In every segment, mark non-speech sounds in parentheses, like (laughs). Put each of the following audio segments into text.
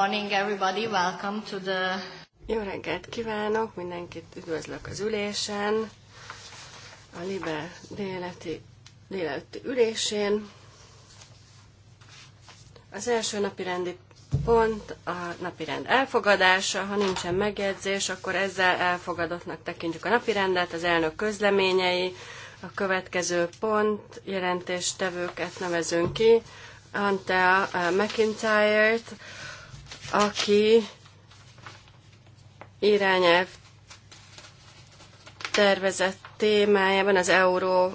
morning, everybody. Welcome to the... Jó reggelt kívánok, mindenkit üdvözlök az ülésen, a Libe déleti, délelőtti ülésén. Az első napi rendi pont a napirend elfogadása, ha nincsen megjegyzés, akkor ezzel elfogadottnak tekintjük a rendet, az elnök közleményei, a következő pont, jelentéstevőket nevezünk ki, antea eh, McIntyre-t, aki irányelv tervezett témájában az euró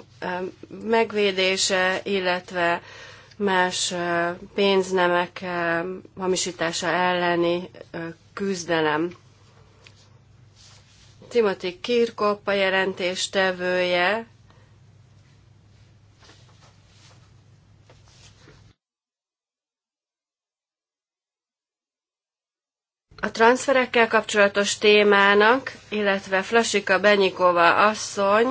megvédése, illetve más pénznemek hamisítása elleni küzdelem. Timothy Kirkop a jelentéstevője, a transferekkel kapcsolatos témának, illetve Flasika Benyikova asszony,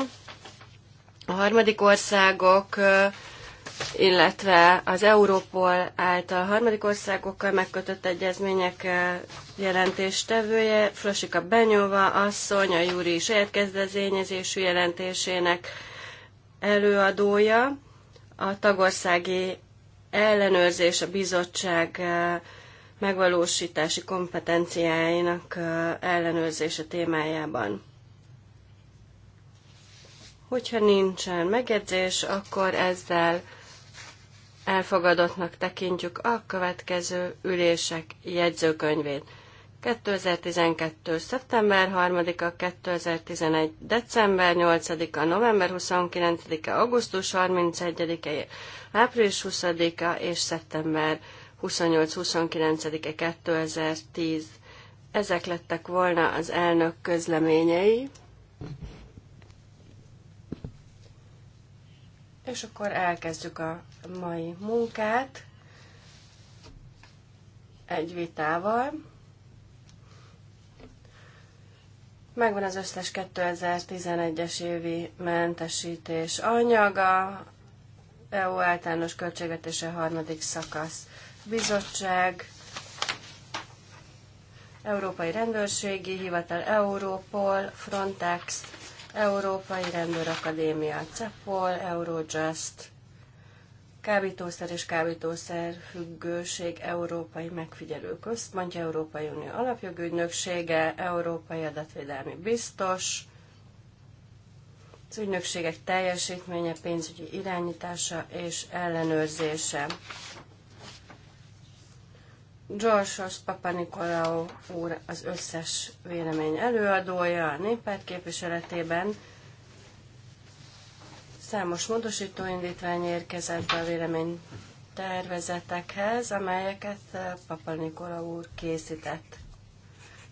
a harmadik országok, illetve az Európol által harmadik országokkal megkötött egyezmények jelentéstevője, Flasika Benyova asszony, a Júri saját kezdezényezésű jelentésének előadója, a tagországi ellenőrzés a bizottság megvalósítási kompetenciáinak ellenőrzése témájában. Hogyha nincsen megjegyzés, akkor ezzel elfogadottnak tekintjük a következő ülések jegyzőkönyvét. 2012. szeptember 3-a, 2011. december 8-a, november 29-a, augusztus 31-e, április 20-a és szeptember 28-29-e 2010. Ezek lettek volna az elnök közleményei. És akkor elkezdjük a mai munkát egy vitával. Megvan az összes 2011-es évi mentesítés anyaga, EU általános költségvetése harmadik szakasz. Bizottság, Európai Rendőrségi Hivatal, Europol, Frontex, Európai Rendőrakadémia, CEPOL, Eurojust, kábítószer és kábítószer függőség Európai Megfigyelő Központja, Európai Unió Alapjogügynöksége, Európai Adatvédelmi Biztos, az ügynökségek teljesítménye, pénzügyi irányítása és ellenőrzése. Papa Papanikolaou úr az összes vélemény előadója a néppárt képviseletében. Számos módosító indítvány érkezett be a vélemény tervezetekhez, amelyeket eh, Papanikolaou úr készített.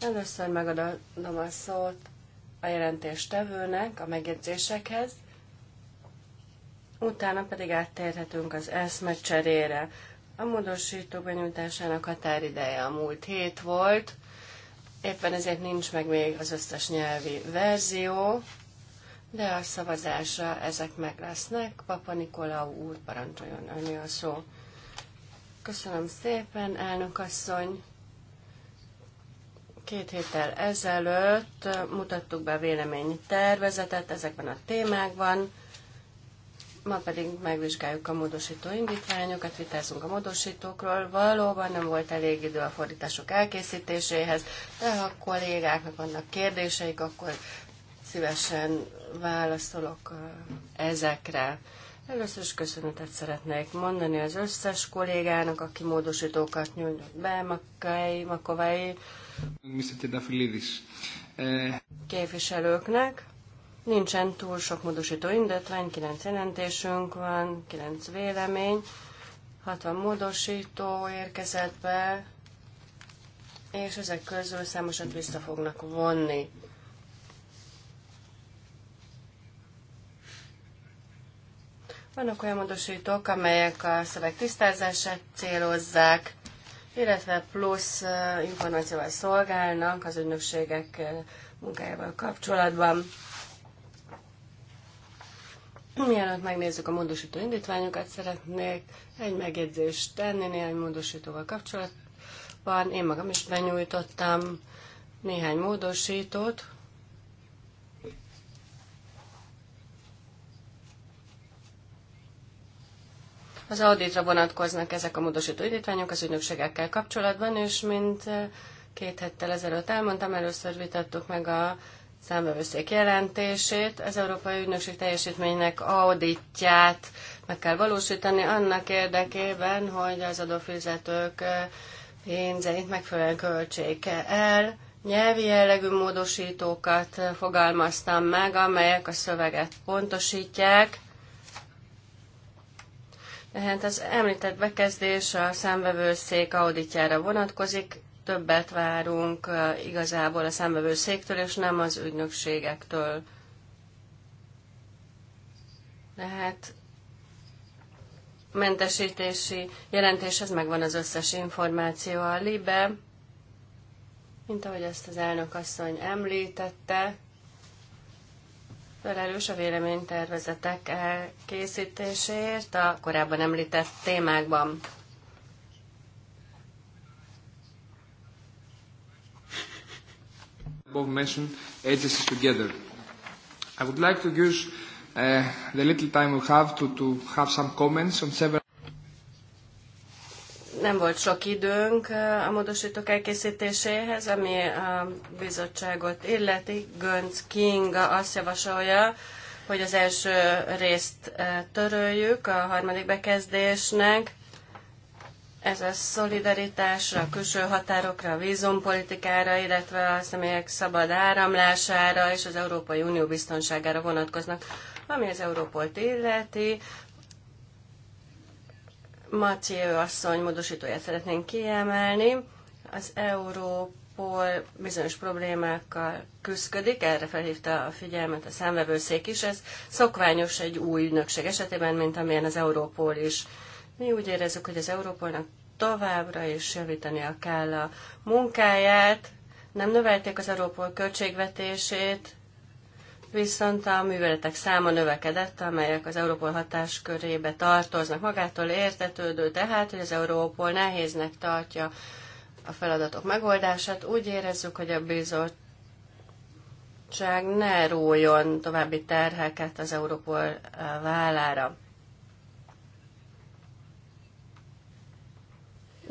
Először megadom a szót a jelentéstevőnek a megjegyzésekhez, utána pedig áttérhetünk az eszmecserére. A módosítók benyújtásának határideje a múlt hét volt, éppen ezért nincs meg még az összes nyelvi verzió, de a szavazásra ezek meg lesznek. Papa Nikolau úr parancsoljon önni a szó. Köszönöm szépen, elnök asszony. Két héttel ezelőtt mutattuk be a véleménytervezetet ezekben a témákban. Ma pedig megvizsgáljuk a módosító indítványokat, vitázunk a módosítókról. Valóban nem volt elég idő a fordítások elkészítéséhez, de ha a kollégáknak vannak kérdéseik, akkor szívesen válaszolok ezekre. Először is köszönetet szeretnék mondani az összes kollégának, aki módosítókat nyújtott be, Makai, Makovai, eh, képviselőknek. Nincsen túl sok módosító indítvány, 9 jelentésünk van, 9 vélemény, 60 módosító érkezett be, és ezek közül számosat vissza fognak vonni. Vannak olyan módosítók, amelyek a szöveg tisztázását célozzák, illetve plusz információval szolgálnak az ügynökségek munkájával kapcsolatban. Mielőtt megnézzük a módosító indítványokat, szeretnék egy megjegyzést tenni néhány módosítóval kapcsolatban. Én magam is benyújtottam néhány módosítót. Az auditra vonatkoznak ezek a módosító indítványok az ügynökségekkel kapcsolatban, és mint két héttel ezelőtt elmondtam, először vitattuk meg a számbevőszék jelentését, az Európai Ügynökség teljesítménynek auditját meg kell valósítani annak érdekében, hogy az adófizetők eh, pénzeit megfelelően költsék el. Nyelvi jellegű módosítókat eh, fogalmaztam meg, amelyek a szöveget pontosítják. Tehát az említett bekezdés a számvevőszék auditjára vonatkozik, többet várunk igazából a számvevőszéktől, és nem az ügynökségektől. Tehát mentesítési jelentéshez megvan az összes információ a LIBE, mint ahogy ezt az elnök asszony említette, felelős a véleménytervezetek elkészítéséért a korábban említett témákban. above mentioned agencies together. I would like to use uh, the little time we have to, to have some comments on several nem volt sok időnk uh, a módosítók elkészítéséhez, ami a bizottságot illeti. Gönc King azt javasolja, hogy az első részt uh, töröljük a harmadik bekezdésnek, ez a szolidaritásra, a külső határokra, a vízumpolitikára, illetve a személyek szabad áramlására és az Európai Unió biztonságára vonatkoznak, ami az Európolt illeti. Mathieu asszony módosítóját szeretnénk kiemelni. Az Európol bizonyos problémákkal küzdik, erre felhívta a figyelmet a számvevőszék is. Ez szokványos egy új ügynökség esetében, mint amilyen az Európol is. Mi úgy érezzük, hogy az Európolnak továbbra is javítania kell a munkáját, nem növelték az Európol költségvetését, viszont a műveletek száma növekedett, amelyek az Európol hatáskörébe tartoznak. Magától értetődő tehát, hogy az Európol nehéznek tartja a feladatok megoldását. Úgy érezzük, hogy a bizottság ne rójon további terheket az Európol eh, vállára.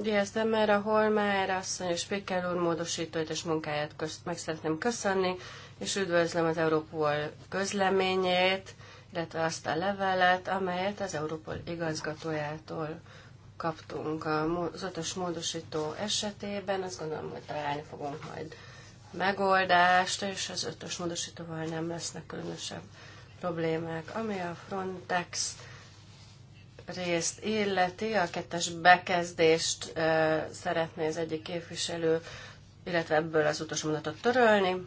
Diaz ahol már asszony és Pékel úr módosítóit és munkáját közt, meg szeretném köszönni, és üdvözlöm az Európol közleményét, illetve azt a levelet, amelyet az Európol igazgatójától kaptunk a ötös módosító esetében. Azt gondolom, hogy találni fogunk majd megoldást, és az ötös módosítóval nem lesznek különösebb problémák. Ami a Frontex részt illeti, a kettes bekezdést szeretné az egyik képviselő, illetve ebből az utolsó mondatot törölni.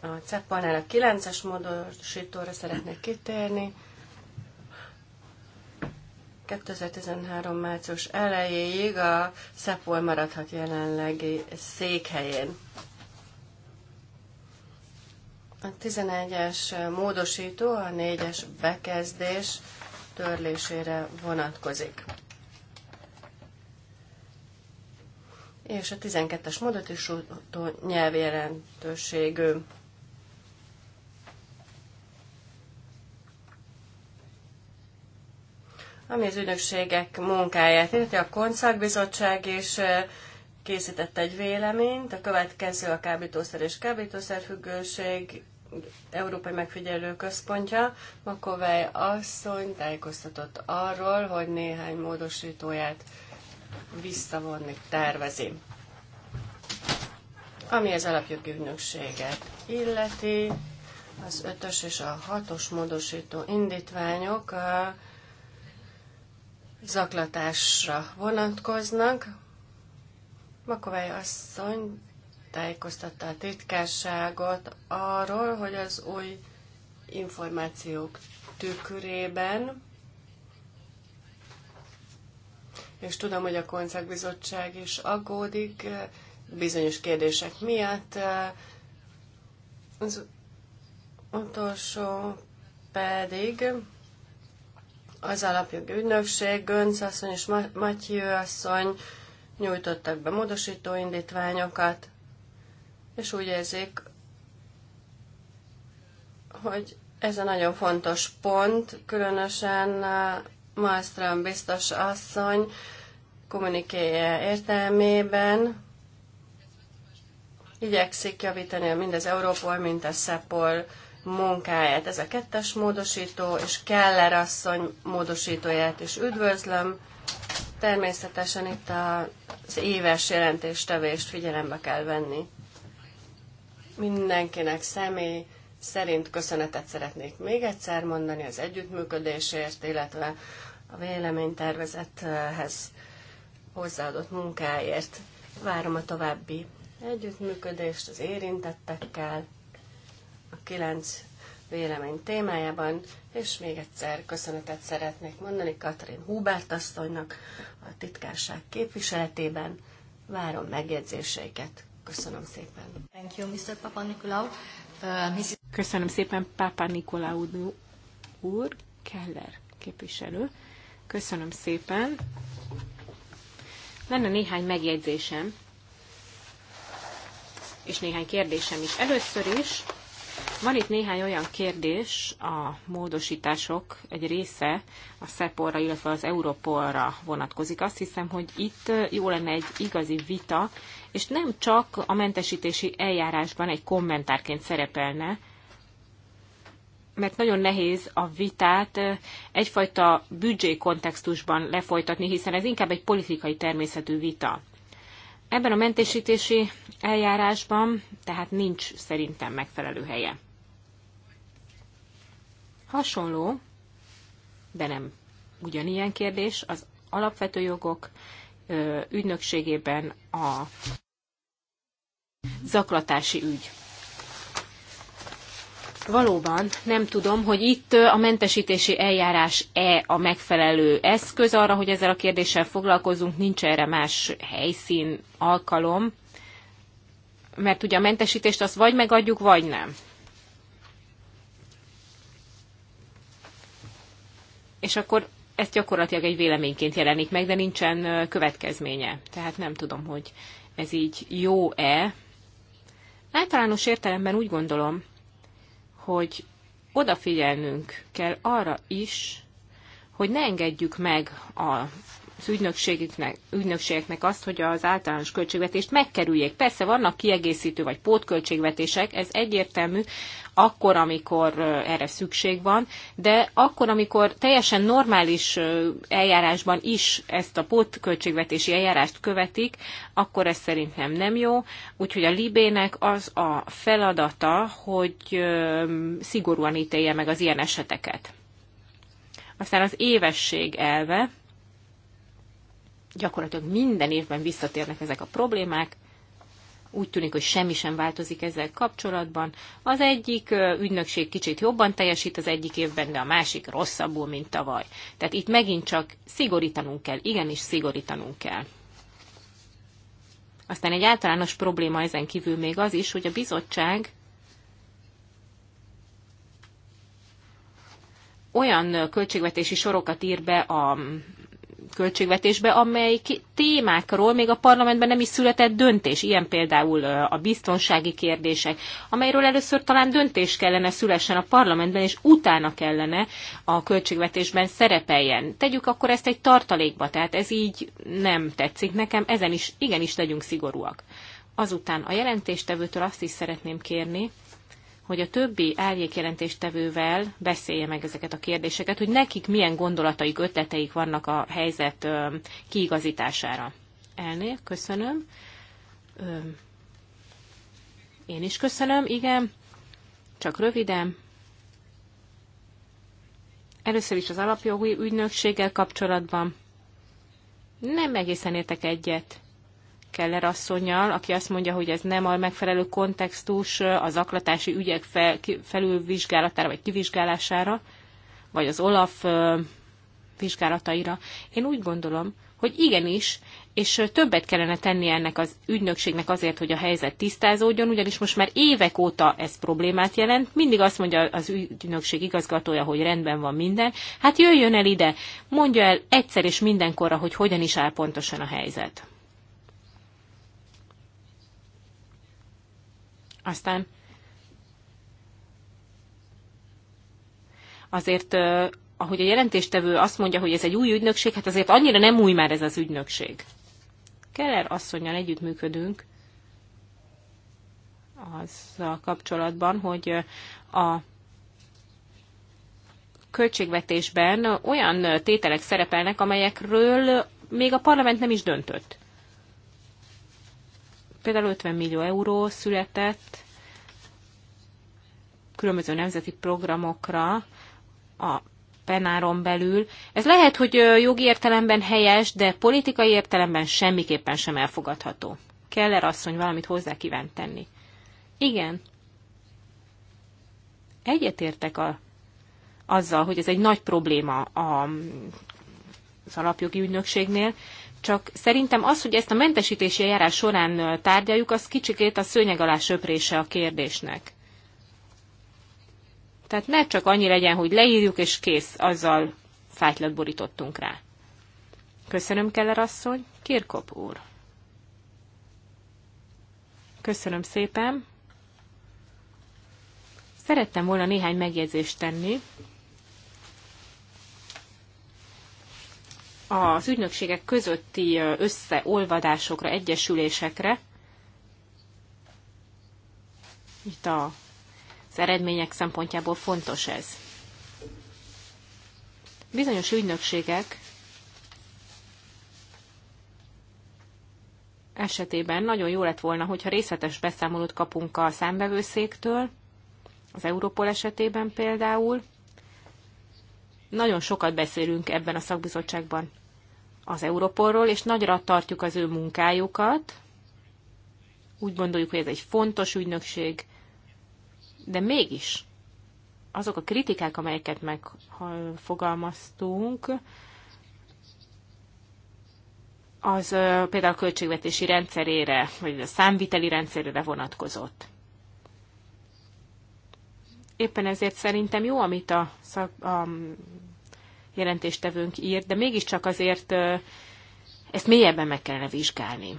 A CEPAL-nál a 9-es módosítóra szeretnék kitérni. 2013. március elejéig a CEPOL maradhat jelenlegi székhelyén. A 11-es módosító, a 4-es bekezdés törlésére vonatkozik. És a 12-es utó nyelvjelentőségű. ami az ügynökségek munkáját illeti. A Koncertbizottság is eh, készített egy véleményt, a következő a kábítószer és kábítószerfüggőség Európai Megfigyelő Központja, Makovej asszony tájékoztatott arról, hogy néhány módosítóját visszavonni tervezi. Ami az alapjogi ügynökséget illeti, az ötös és a hatos módosító indítványok a zaklatásra vonatkoznak. Makovely asszony tájékoztatta a titkárságot arról, hogy az új információk tükrében, és tudom, hogy a koncertbizottság is aggódik bizonyos kérdések miatt. Az utolsó pedig az alapjogi ügynökség, Gönc asszony és Matyő asszony nyújtottak be módosító indítványokat és úgy érzik, hogy ez a nagyon fontos pont, különösen uh, Malmström biztos asszony kommunikéje értelmében igyekszik javítani mind az Európol, mint a Szepol munkáját. Ez a kettes módosító és Keller asszony módosítóját is üdvözlöm. Természetesen itt az éves jelentéstevést figyelembe kell venni. Mindenkinek személy szerint köszönetet szeretnék még egyszer mondani az együttműködésért, illetve a véleménytervezethez hozzáadott munkáért. Várom a további együttműködést az érintettekkel a kilenc vélemény témájában, és még egyszer köszönetet szeretnék mondani Katrin Hubert asszonynak a titkárság képviseletében. Várom megjegyzéseiket. Köszönöm szépen. Thank you, Mr. Papa Nikolaou. Uh, Köszönöm szépen, Papa Nikolaou úr, Keller képviselő. Köszönöm szépen. Lenne néhány megjegyzésem, és néhány kérdésem is. Először is van itt néhány olyan kérdés, a módosítások egy része a SZEPOR-ra, illetve az Európolra vonatkozik. Azt hiszem, hogy itt jó lenne egy igazi vita, és nem csak a mentesítési eljárásban egy kommentárként szerepelne, mert nagyon nehéz a vitát egyfajta büdzsé kontextusban lefolytatni, hiszen ez inkább egy politikai természetű vita. Ebben a mentesítési eljárásban tehát nincs szerintem megfelelő helye. Hasonló, de nem ugyanilyen kérdés, az alapvető jogok ügynökségében a zaklatási ügy. Valóban nem tudom, hogy itt a mentesítési eljárás-e a megfelelő eszköz arra, hogy ezzel a kérdéssel foglalkozunk, nincs erre más helyszín, alkalom, mert ugye a mentesítést azt vagy megadjuk, vagy nem. és akkor ez gyakorlatilag egy véleményként jelenik meg, de nincsen következménye. Tehát nem tudom, hogy ez így jó-e. Általános értelemben úgy gondolom, hogy odafigyelnünk kell arra is, hogy ne engedjük meg a az ügynökségeknek, ügynökségeknek azt, hogy az általános költségvetést megkerüljék. Persze vannak kiegészítő vagy pótköltségvetések, ez egyértelmű, akkor, amikor erre szükség van, de akkor, amikor teljesen normális eljárásban is ezt a pótköltségvetési eljárást követik, akkor ez szerintem nem jó. Úgyhogy a Libének az a feladata, hogy szigorúan ítélje meg az ilyen eseteket. Aztán az évesség elve, gyakorlatilag minden évben visszatérnek ezek a problémák, úgy tűnik, hogy semmi sem változik ezzel kapcsolatban. Az egyik ügynökség kicsit jobban teljesít az egyik évben, de a másik rosszabbul, mint tavaly. Tehát itt megint csak szigorítanunk kell, igenis szigorítanunk kell. Aztán egy általános probléma ezen kívül még az is, hogy a bizottság olyan költségvetési sorokat ír be a költségvetésbe, amely témákról még a parlamentben nem is született döntés, ilyen például a biztonsági kérdések, amelyről először talán döntés kellene szülessen a parlamentben, és utána kellene a költségvetésben szerepeljen. Tegyük akkor ezt egy tartalékba, tehát ez így nem tetszik nekem, ezen is igenis legyünk szigorúak. Azután a jelentéstevőtől azt is szeretném kérni, hogy a többi árnyékjelentéstevővel beszélje meg ezeket a kérdéseket, hogy nekik milyen gondolataik, ötleteik vannak a helyzet kiigazítására. Elné, köszönöm. Én is köszönöm, igen. Csak röviden. Először is az alapjogi ügynökséggel kapcsolatban. Nem egészen értek egyet Keller asszonyjal, aki azt mondja, hogy ez nem a megfelelő kontextus a zaklatási ügyek fel, felülvizsgálatára vagy kivizsgálására, vagy az Olaf vizsgálataira. Én úgy gondolom, hogy igenis, és többet kellene tenni ennek az ügynökségnek azért, hogy a helyzet tisztázódjon, ugyanis most már évek óta ez problémát jelent. Mindig azt mondja az ügynökség igazgatója, hogy rendben van minden. Hát jöjjön el ide, mondja el egyszer és mindenkorra, hogy hogyan is áll pontosan a helyzet. Aztán azért, ahogy a jelentéstevő azt mondja, hogy ez egy új ügynökség, hát azért annyira nem új már ez az ügynökség. Keller asszonynal együttműködünk azzal kapcsolatban, hogy a költségvetésben olyan tételek szerepelnek, amelyekről még a parlament nem is döntött például 50 millió euró született különböző nemzeti programokra a penáron belül. Ez lehet, hogy jogi értelemben helyes, de politikai értelemben semmiképpen sem elfogadható. Keller asszony valamit hozzá kíván tenni. Igen. Egyetértek a, azzal, hogy ez egy nagy probléma a, az alapjogi ügynökségnél, csak szerintem az, hogy ezt a mentesítési eljárás során tárgyaljuk, az kicsikét a szőnyeg alá söprése a kérdésnek. Tehát ne csak annyi legyen, hogy leírjuk és kész, azzal fájtlat borítottunk rá. Köszönöm, Keller asszony. Kirkop úr. Köszönöm szépen. Szerettem volna néhány megjegyzést tenni az ügynökségek közötti összeolvadásokra, egyesülésekre. Itt a, az eredmények szempontjából fontos ez. Bizonyos ügynökségek esetében nagyon jó lett volna, hogyha részletes beszámolót kapunk a számbevőszéktől, az Európol esetében például. Nagyon sokat beszélünk ebben a szakbizottságban az Europolról, és nagyra tartjuk az ő munkájukat. Úgy gondoljuk, hogy ez egy fontos ügynökség, de mégis azok a kritikák, amelyeket megfogalmaztunk, az például a költségvetési rendszerére, vagy a számviteli rendszerére vonatkozott. Éppen ezért szerintem jó, amit a, szak, a jelentéstevőnk írt, de mégiscsak azért ezt mélyebben meg kellene vizsgálni.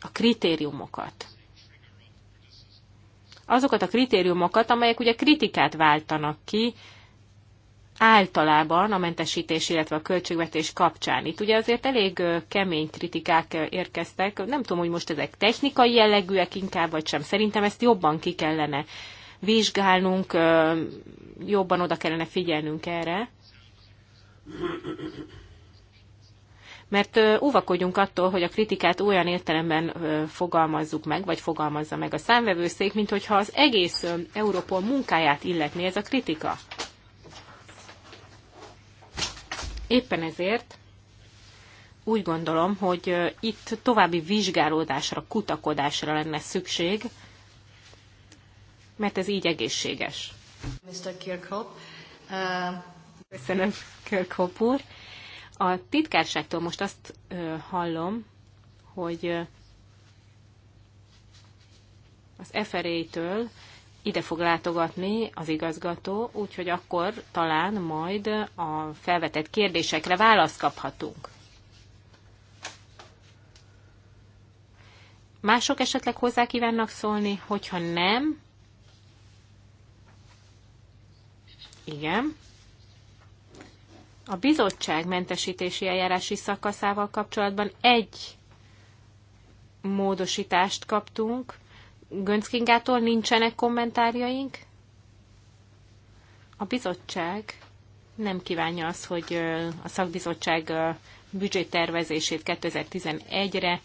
A kritériumokat. Azokat a kritériumokat, amelyek ugye kritikát váltanak ki általában a mentesítés, illetve a költségvetés kapcsán. Itt ugye azért elég kemény kritikák érkeztek. Nem tudom, hogy most ezek technikai jellegűek inkább, vagy sem. Szerintem ezt jobban ki kellene vizsgálnunk, jobban oda kellene figyelnünk erre. Mert óvakodjunk attól, hogy a kritikát olyan értelemben fogalmazzuk meg, vagy fogalmazza meg a számvevőszék, mint hogyha az egész Európol munkáját illetné ez a kritika. Éppen ezért úgy gondolom, hogy itt további vizsgálódásra, kutakodásra lenne szükség, mert ez így egészséges. Mr. Kirkhope, uh... Köszönöm, Kirkhope úr. A titkárságtól most azt ö, hallom, hogy ö, az FRA-től ide fog látogatni az igazgató, úgyhogy akkor talán majd a felvetett kérdésekre választ kaphatunk. Mások esetleg hozzá kívánnak szólni, hogyha nem, igen, a bizottság mentesítési eljárási szakaszával kapcsolatban egy módosítást kaptunk. Gönckingától nincsenek kommentárjaink. A bizottság nem kívánja az, hogy a szakbizottság büdzsétervezését 2011-re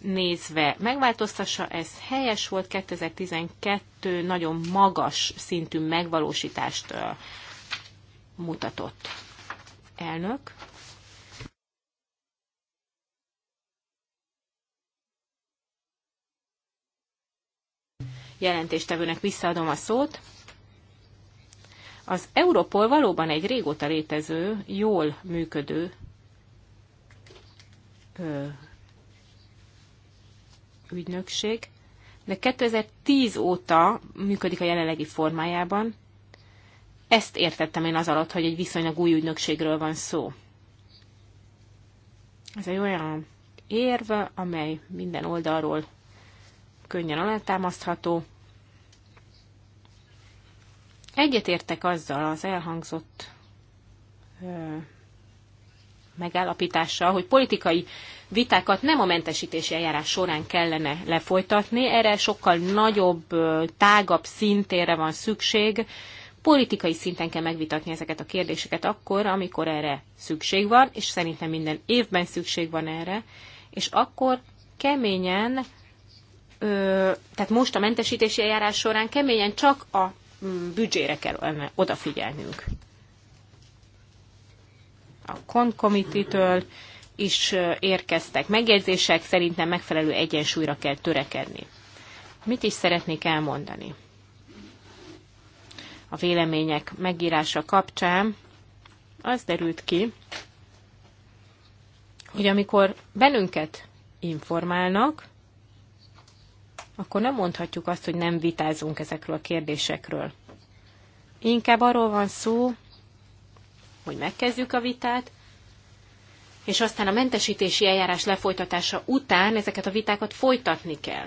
nézve megváltoztassa, ez helyes volt, 2012 nagyon magas szintű megvalósítást mutatott elnök. Jelentéstevőnek visszaadom a szót. Az Europol valóban egy régóta létező, jól működő ö, ügynökség, de 2010 óta működik a jelenlegi formájában, ezt értettem én az alatt, hogy egy viszonylag új ügynökségről van szó. Ez egy olyan érv, amely minden oldalról könnyen alátámasztható. Egyetértek azzal az elhangzott ö, megállapítással, hogy politikai vitákat nem a mentesítési eljárás során kellene lefolytatni, erre sokkal nagyobb, tágabb szintére van szükség, Politikai szinten kell megvitatni ezeket a kérdéseket akkor, amikor erre szükség van, és szerintem minden évben szükség van erre, és akkor keményen, ö, tehát most a mentesítési eljárás során keményen csak a mm, büdzsére kell odafigyelnünk. A konkomititől is érkeztek megjegyzések, szerintem megfelelő egyensúlyra kell törekedni. Mit is szeretnék elmondani? a vélemények megírása kapcsán az derült ki, hogy amikor bennünket informálnak, akkor nem mondhatjuk azt, hogy nem vitázunk ezekről a kérdésekről. Inkább arról van szó, hogy megkezdjük a vitát, és aztán a mentesítési eljárás lefolytatása után ezeket a vitákat folytatni kell.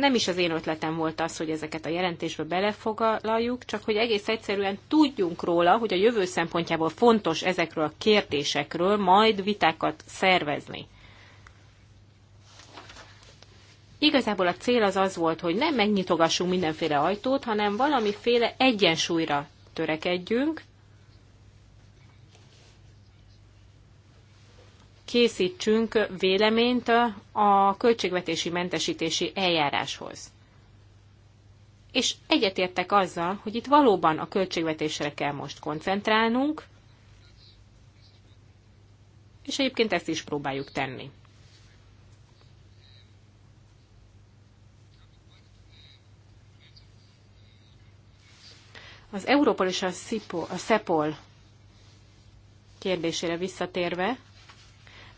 Nem is az én ötletem volt az, hogy ezeket a jelentésbe belefoglaljuk, csak hogy egész egyszerűen tudjunk róla, hogy a jövő szempontjából fontos ezekről a kérdésekről majd vitákat szervezni. Igazából a cél az az volt, hogy nem megnyitogassunk mindenféle ajtót, hanem valamiféle egyensúlyra törekedjünk, készítsünk véleményt a költségvetési mentesítési eljáráshoz. És egyetértek azzal, hogy itt valóban a költségvetésre kell most koncentrálnunk, és egyébként ezt is próbáljuk tenni. Az Európol és a, SZIPO, a SZEPOL kérdésére visszatérve,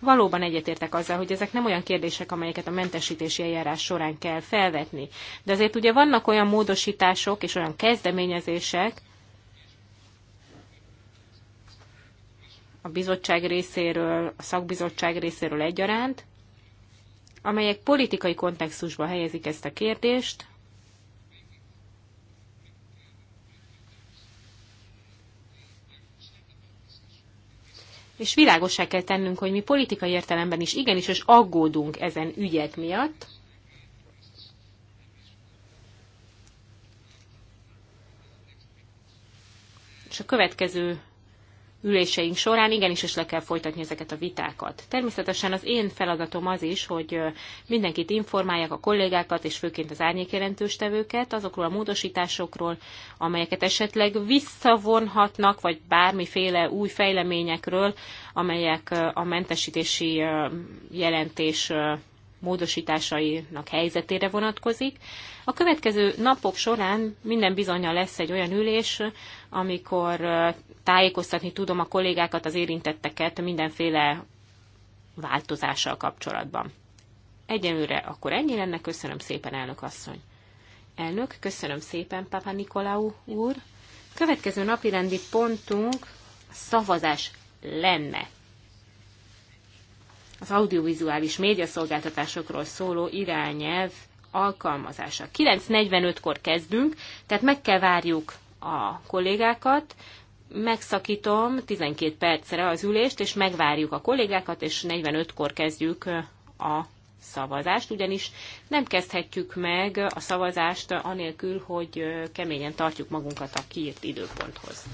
Valóban egyetértek azzal, hogy ezek nem olyan kérdések, amelyeket a mentesítési eljárás során kell felvetni. De azért ugye vannak olyan módosítások és olyan kezdeményezések a bizottság részéről, a szakbizottság részéről egyaránt, amelyek politikai kontextusba helyezik ezt a kérdést, és világosá kell tennünk, hogy mi politikai értelemben is igenis, és aggódunk ezen ügyek miatt. És a következő üléseink során igenis is le kell folytatni ezeket a vitákat. Természetesen az én feladatom az is, hogy mindenkit informálják a kollégákat, és főként az árnyékjelentős tevőket azokról a módosításokról, amelyeket esetleg visszavonhatnak, vagy bármiféle új fejleményekről, amelyek a mentesítési jelentés módosításainak helyzetére vonatkozik. A következő napok során minden bizonyja lesz egy olyan ülés, amikor tájékoztatni tudom a kollégákat, az érintetteket mindenféle változással kapcsolatban. Egyenlőre akkor ennyi lenne, köszönöm szépen, elnök asszony. Elnök, köszönöm szépen, Papa Nikolau úr. Következő napi rendi pontunk szavazás lenne. Az audiovizuális médiaszolgáltatásokról szóló irányelv alkalmazása. 9.45-kor kezdünk, tehát meg kell várjuk a kollégákat, megszakítom 12 percre az ülést, és megvárjuk a kollégákat, és 45-kor kezdjük a szavazást, ugyanis nem kezdhetjük meg a szavazást anélkül, hogy keményen tartjuk magunkat a kiírt időponthoz.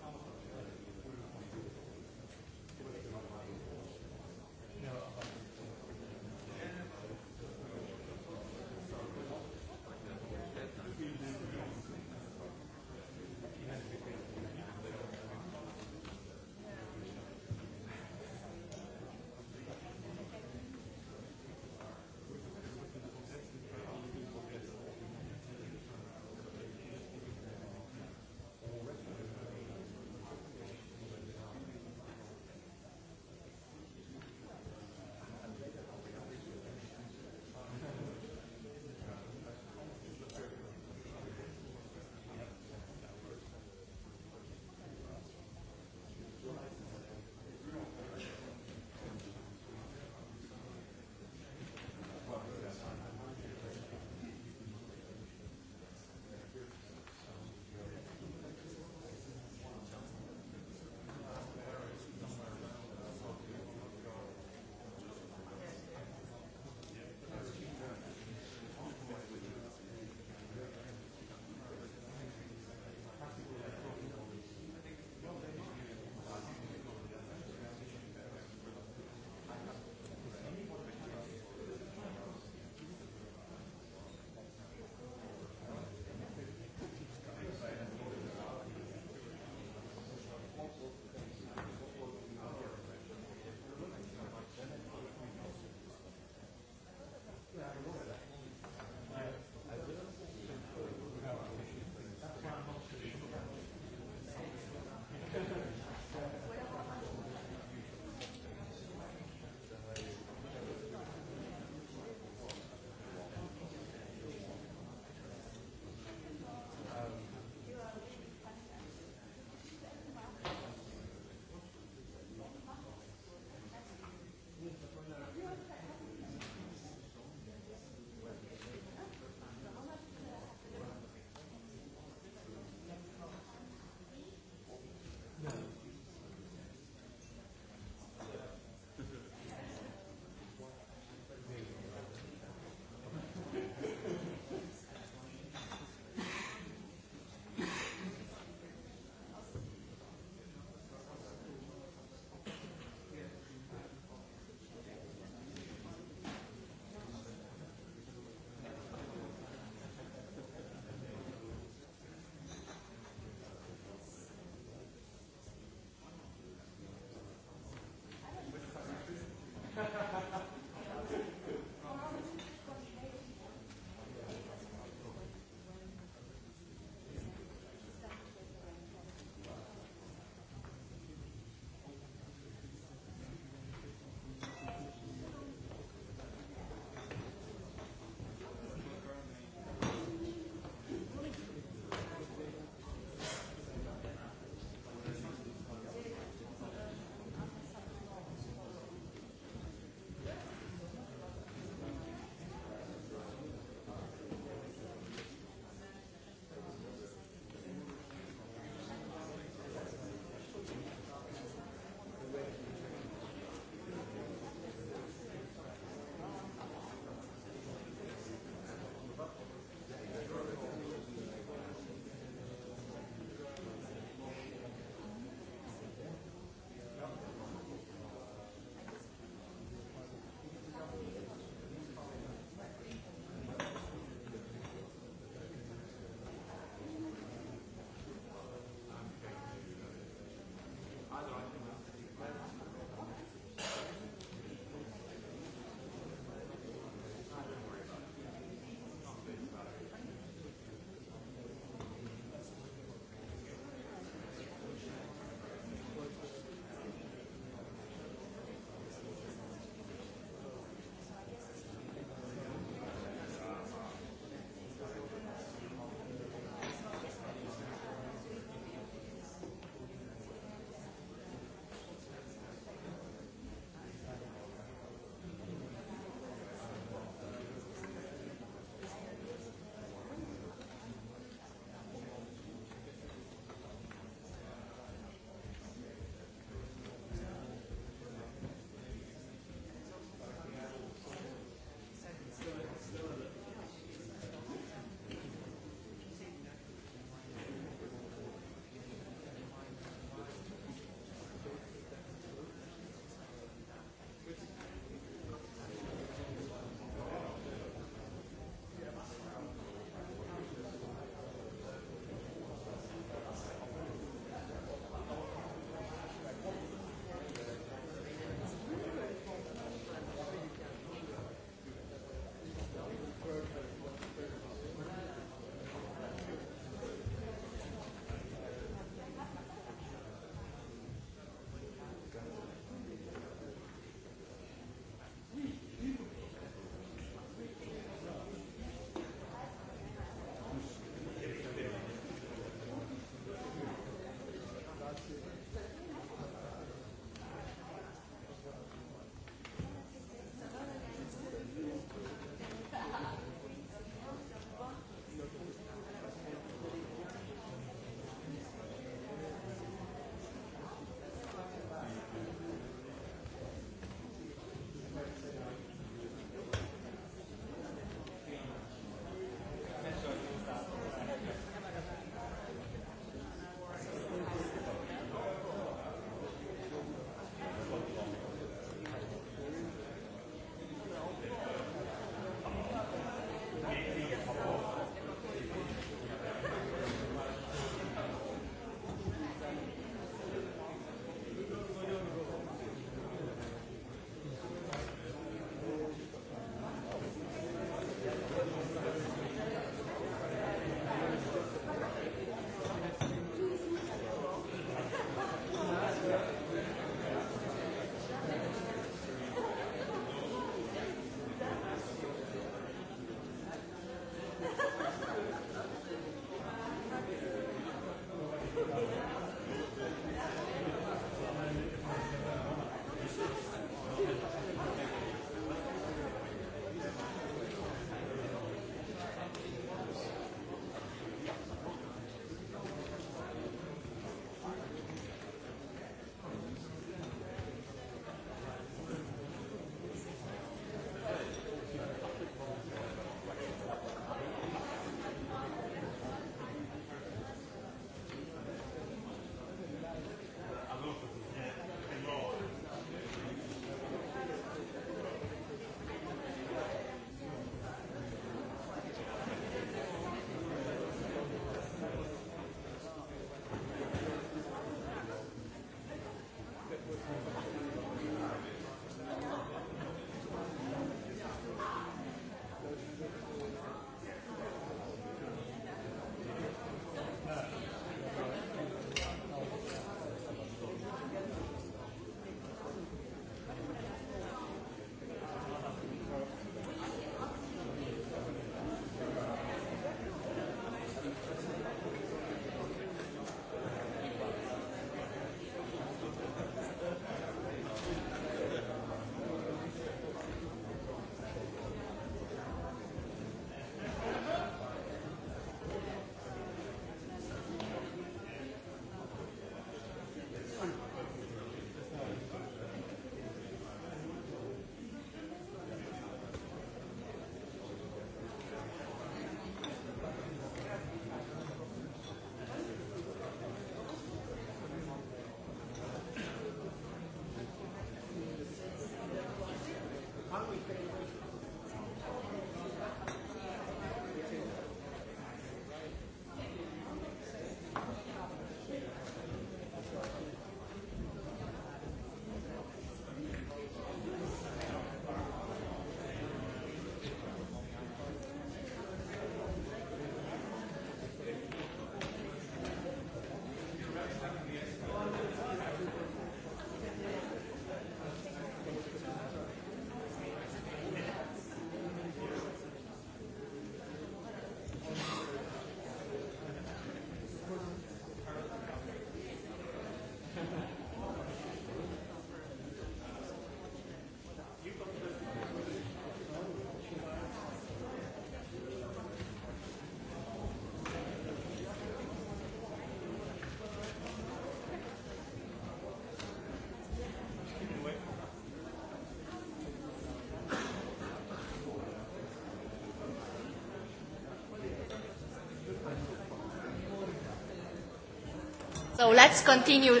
So let's continue.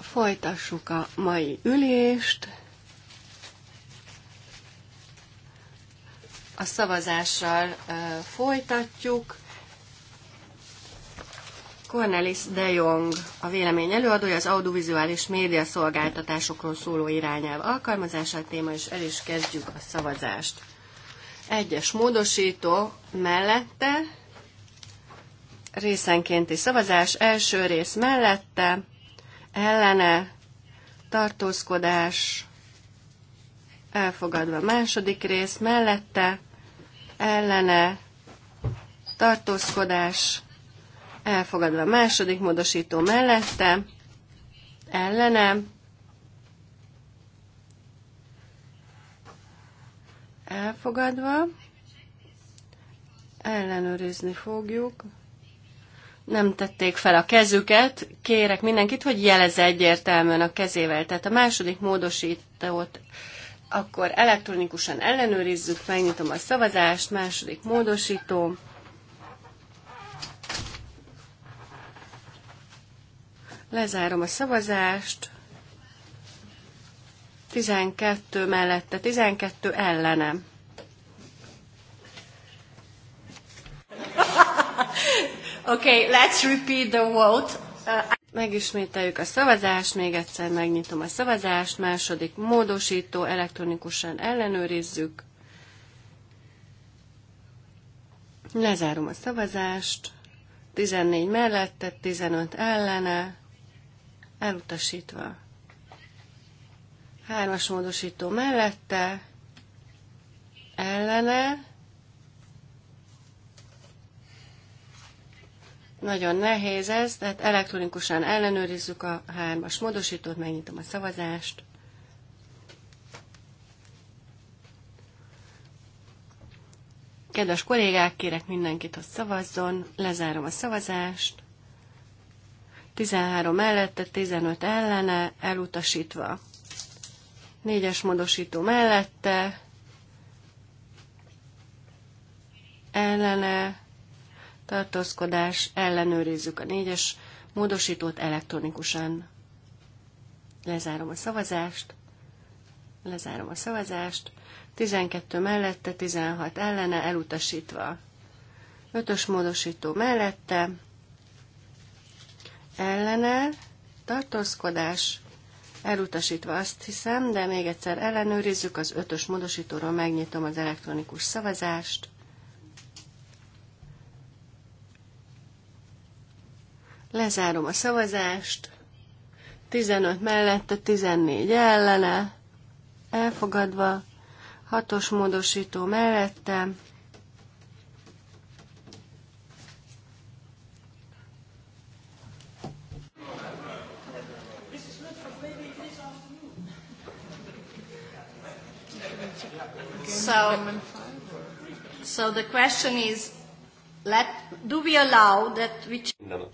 Folytassuk a mai ülést. A szavazással uh, folytatjuk. Cornelis de Jong, a vélemény előadója az audiovizuális média szolgáltatásokról szóló irányelv alkalmazását téma, és el is kezdjük a szavazást. Egyes módosító mellette részenkénti szavazás első rész mellette, ellene, tartózkodás, elfogadva második rész mellette, ellene, tartózkodás, elfogadva második módosító mellette, ellene, elfogadva, ellenőrizni fogjuk nem tették fel a kezüket, kérek mindenkit, hogy jelezze egyértelműen a kezével. Tehát a második módosítót akkor elektronikusan ellenőrizzük, megnyitom a szavazást, második módosító. Lezárom a szavazást. 12 mellette, 12 ellenem. (laughs) Okay, let's repeat the vote. Uh, Megismételjük a szavazást, még egyszer megnyitom a szavazást, második módosító, elektronikusan ellenőrizzük. Lezárom a szavazást, 14 mellette, 15 ellene, elutasítva. Hármas módosító mellette, ellene, Nagyon nehéz ez, tehát elektronikusan ellenőrizzük a hármas módosítót, megnyitom a szavazást. Kedves kollégák, kérek mindenkit, hogy szavazzon. Lezárom a szavazást. 13 mellette, 15 ellene, elutasítva. 4-es módosító mellette, ellene, tartózkodás, ellenőrizzük a négyes módosítót elektronikusan. Lezárom a szavazást, lezárom a szavazást, 12 mellette, 16 ellene, elutasítva. Ötös módosító mellette, ellene, tartózkodás, elutasítva azt hiszem, de még egyszer ellenőrizzük, az ötös módosítóról megnyitom az elektronikus szavazást. Lezárom a szavazást. 15 mellette, 14 ellene. Elfogadva. 6-os módosító mellette. So, so the question is, let, do we allow that which... No, no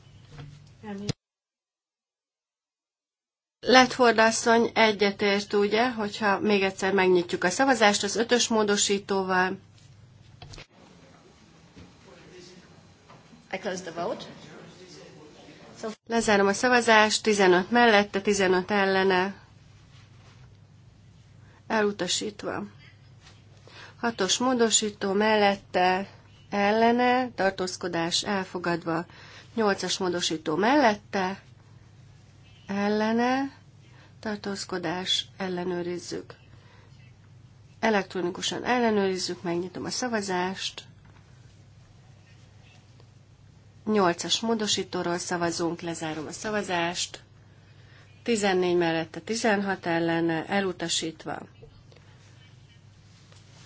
Lethord asszony egyetért, ugye, hogyha még egyszer megnyitjuk a szavazást az ötös módosítóval. I close the vote. So... Lezárom a szavazást, 15 mellette, 15 ellene. Elutasítva. Hatos módosító mellette, ellene, tartózkodás elfogadva. 8-as módosító mellette, ellene, tartózkodás, ellenőrizzük. Elektronikusan ellenőrizzük, megnyitom a szavazást. 8-as módosítóról szavazunk, lezárom a szavazást. 14 mellette 16 ellene, elutasítva.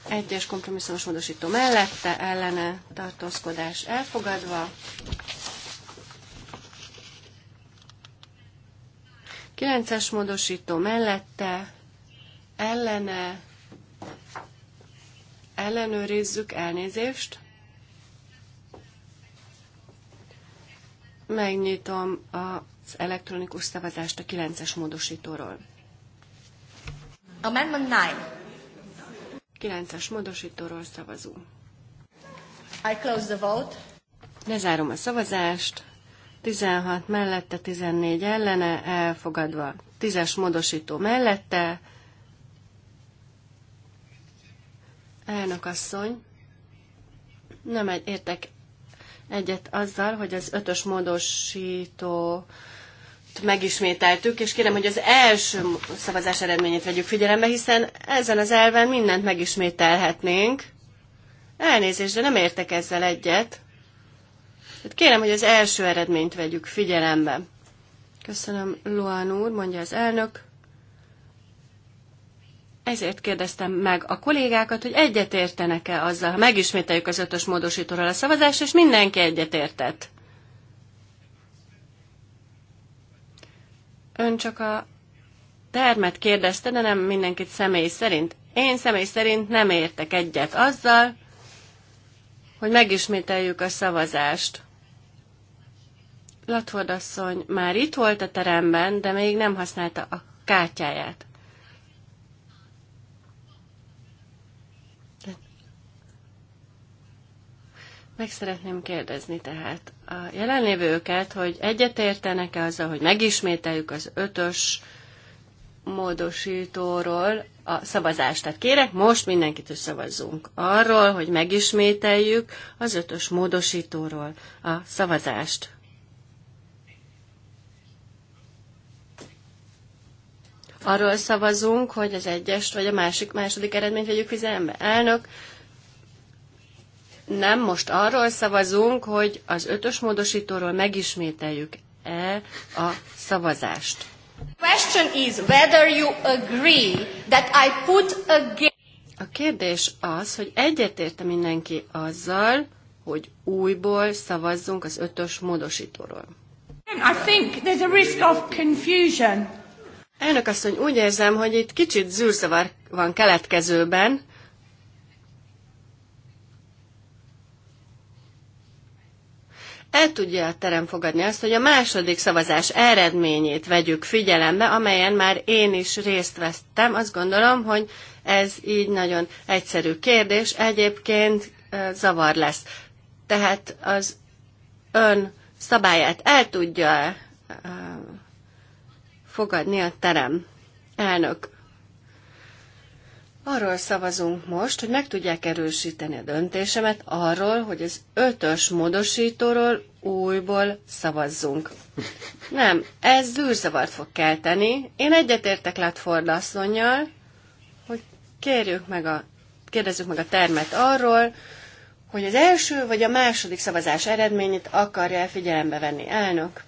Egyes kompromisszumos módosító mellette, ellene, tartózkodás elfogadva. 9-es módosító mellette, ellene, ellenőrizzük elnézést. Megnyitom az elektronikus szavazást a 9-es módosítóról. Amendment 9. 9-es módosítóról szavazunk. I close the vote. Lezárom a szavazást. 16 mellette, 14 ellene, elfogadva. 10-es módosító mellette. Elnök asszony, nem értek egyet azzal, hogy az ötös módosító megismételtük, és kérem, hogy az első szavazás eredményét vegyük figyelembe, hiszen ezen az elven mindent megismételhetnénk. Elnézést, de nem értek ezzel egyet. Tehát kérem, hogy az első eredményt vegyük figyelembe. Köszönöm, Luan úr, mondja az elnök. Ezért kérdeztem meg a kollégákat, hogy egyetértenek-e azzal, ha megismételjük az ötös módosítóról a szavazást, és mindenki egyetértett. Ön csak a termet kérdezte, de nem mindenkit személy szerint. Én személy szerint nem értek egyet azzal, hogy megismételjük a szavazást. Latford asszony már itt volt a teremben, de még nem használta a kártyáját. Meg szeretném kérdezni tehát a jelenlévőket, hogy egyetértenek-e azzal, hogy megismételjük az ötös módosítóról a szavazást. Tehát kérek most mindenkit, is szavazzunk arról, hogy megismételjük az ötös módosítóról a szavazást. arról szavazunk, hogy az egyes, vagy a másik második eredményt vegyük figyelembe. Elnök, nem most arról szavazunk, hogy az ötös módosítóról megismételjük-e a szavazást. A kérdés az, hogy egyetérte mindenki azzal, hogy újból szavazzunk az ötös módosítóról. I think there's a risk of confusion. Elnök asszony, úgy érzem, hogy itt kicsit zűrzavar van keletkezőben. El tudja a terem fogadni azt, hogy a második szavazás eredményét vegyük figyelembe, amelyen már én is részt vettem. Azt gondolom, hogy ez így nagyon egyszerű kérdés. Egyébként zavar lesz. Tehát az ön szabályát el tudja fogadni a terem. Elnök, arról szavazunk most, hogy meg tudják erősíteni a döntésemet arról, hogy az ötös módosítóról újból szavazzunk. Nem, ez zűrzavart fog kelteni. Én egyetértek Latford asszonynal, hogy kérjük meg a, kérdezzük meg a termet arról, hogy az első vagy a második szavazás eredményét akarja -e figyelembe venni elnök.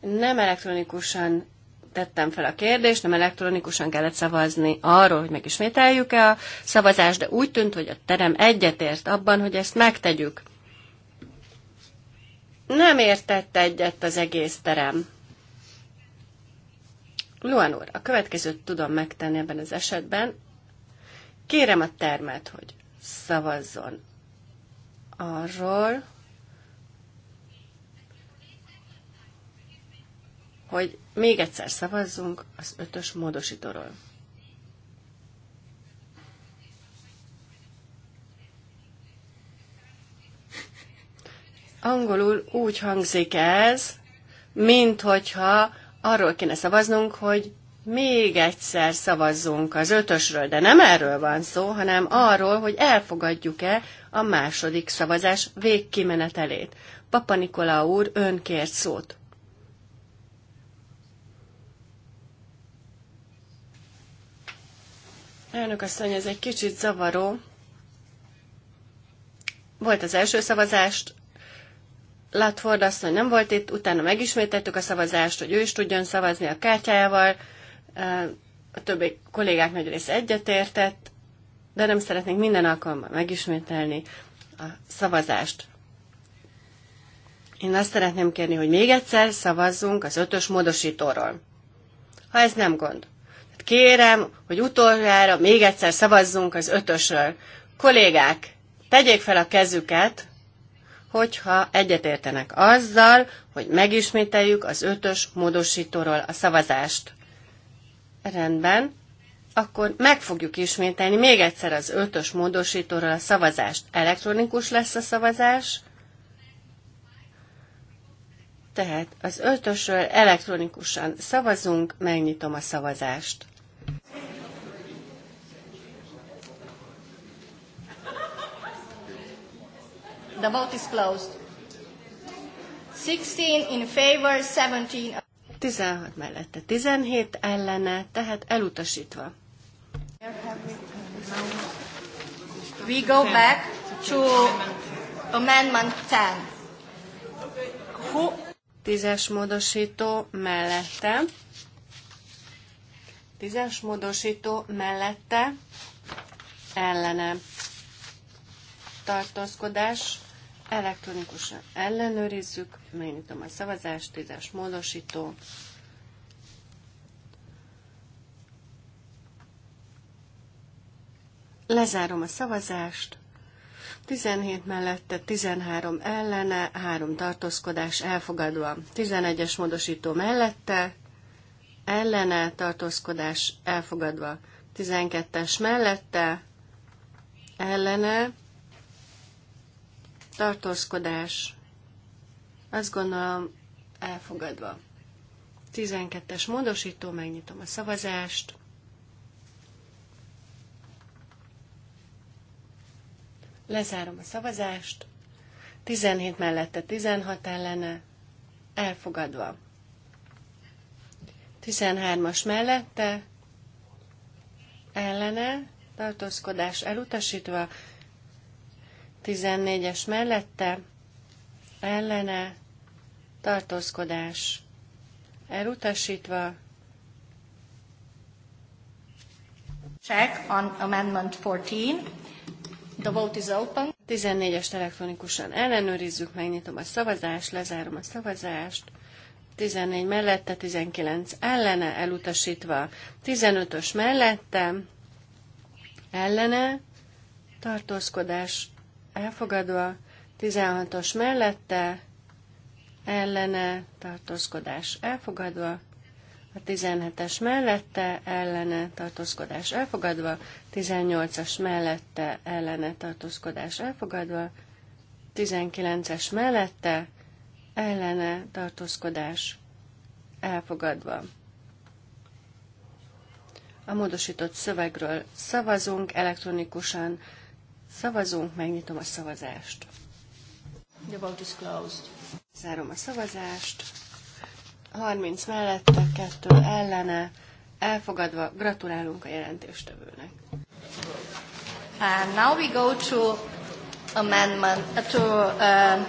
nem elektronikusan tettem fel a kérdést, nem elektronikusan kellett szavazni arról, hogy megismételjük-e a szavazást, de úgy tűnt, hogy a terem egyetért abban, hogy ezt megtegyük. Nem értette egyet az egész terem. Luan úr, a következőt tudom megtenni ebben az esetben. Kérem a termet, hogy szavazzon arról, hogy még egyszer szavazzunk az ötös módosítóról. Angolul úgy hangzik ez, mint hogyha arról kéne szavaznunk, hogy még egyszer szavazzunk az ötösről, de nem erről van szó, hanem arról, hogy elfogadjuk-e a második szavazás végkimenetelét. Papa Nikola úr ön kért szót. Elnök asszony, ez egy kicsit zavaró. Volt az első szavazást, Latford asszony nem volt itt, utána megismételtük a szavazást, hogy ő is tudjon szavazni a kártyájával. A többi kollégák nagy része egyetértett, de nem szeretnénk minden alkalommal megismételni a szavazást. Én azt szeretném kérni, hogy még egyszer szavazzunk az ötös módosítóról. Ha ez nem gond kérem, hogy utoljára még egyszer szavazzunk az ötösről. Kollégák, tegyék fel a kezüket, hogyha egyetértenek azzal, hogy megismételjük az ötös módosítóról a szavazást. Rendben, akkor meg fogjuk ismételni még egyszer az ötös módosítóról a szavazást. Elektronikus lesz a szavazás, tehát az ötösről elektronikusan szavazunk, megnyitom a szavazást. The vote is closed. 16 in favor, 17... 16 mellette, 17 ellene, tehát elutasítva. We go back to amendment 10. Who? Tízes módosító mellette. Tízes módosító mellette ellene tartózkodás elektronikusan ellenőrizzük, megnyitom a szavazást, tízes módosító. Lezárom a szavazást. 17 mellette 13 ellene, 3 tartózkodás elfogadva. 11-es módosító mellette, ellene tartózkodás elfogadva. 12-es mellette, ellene tartózkodás, azt gondolom elfogadva. 12-es módosító, megnyitom a szavazást. Lezárom a szavazást. 17 mellette 16 ellene, elfogadva. 13-as mellette, ellene, tartózkodás elutasítva, 14-es mellette ellene tartózkodás elutasítva. Check on amendment 14. The vote is open. 14-es elektronikusan ellenőrizzük, megnyitom a szavazást, lezárom a szavazást. 14 mellette, 19 ellene, elutasítva. 15-ös mellette, ellene, tartózkodás elfogadva, 16-os mellette, ellene, tartózkodás elfogadva, a 17-es mellette, ellene, tartózkodás elfogadva, 18-as mellette, ellene, tartózkodás elfogadva, 19-es mellette, ellene, tartózkodás elfogadva. A módosított szövegről szavazunk elektronikusan, Szavazunk, megnyitom a szavazást. The vote is closed. Zárom a szavazást. 30 mellette, 2 ellene. Elfogadva gratulálunk a jelentéstevőnek. And now we go to amendment, uh, to, uh...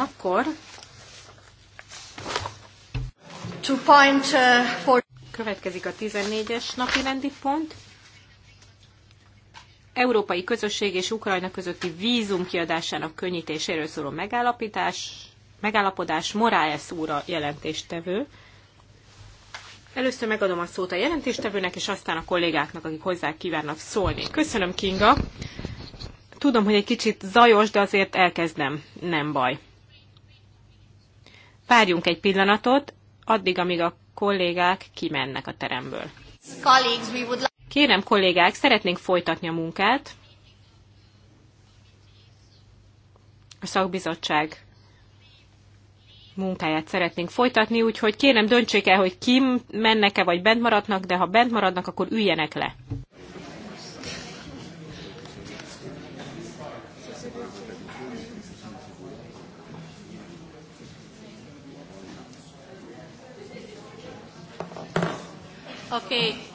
Akkor to point, uh, for... következik a 14-es napi rendi pont. Európai Közösség és Ukrajna közötti vízum kiadásának könnyítéséről szóló megállapítás, megállapodás Moraes úra jelentéstevő. Először megadom a szót a jelentéstevőnek, és aztán a kollégáknak, akik hozzá kívánnak szólni. Köszönöm, Kinga! Tudom, hogy egy kicsit zajos, de azért elkezdem. Nem baj. Várjunk egy pillanatot, addig, amíg a kollégák kimennek a teremből. Colleagues, we would Kérem kollégák, szeretnénk folytatni a munkát. A szakbizottság munkáját szeretnénk folytatni, úgyhogy kérem döntsék el, hogy kim mennek-e, vagy bent maradnak, de ha bent maradnak, akkor üljenek le. Okay.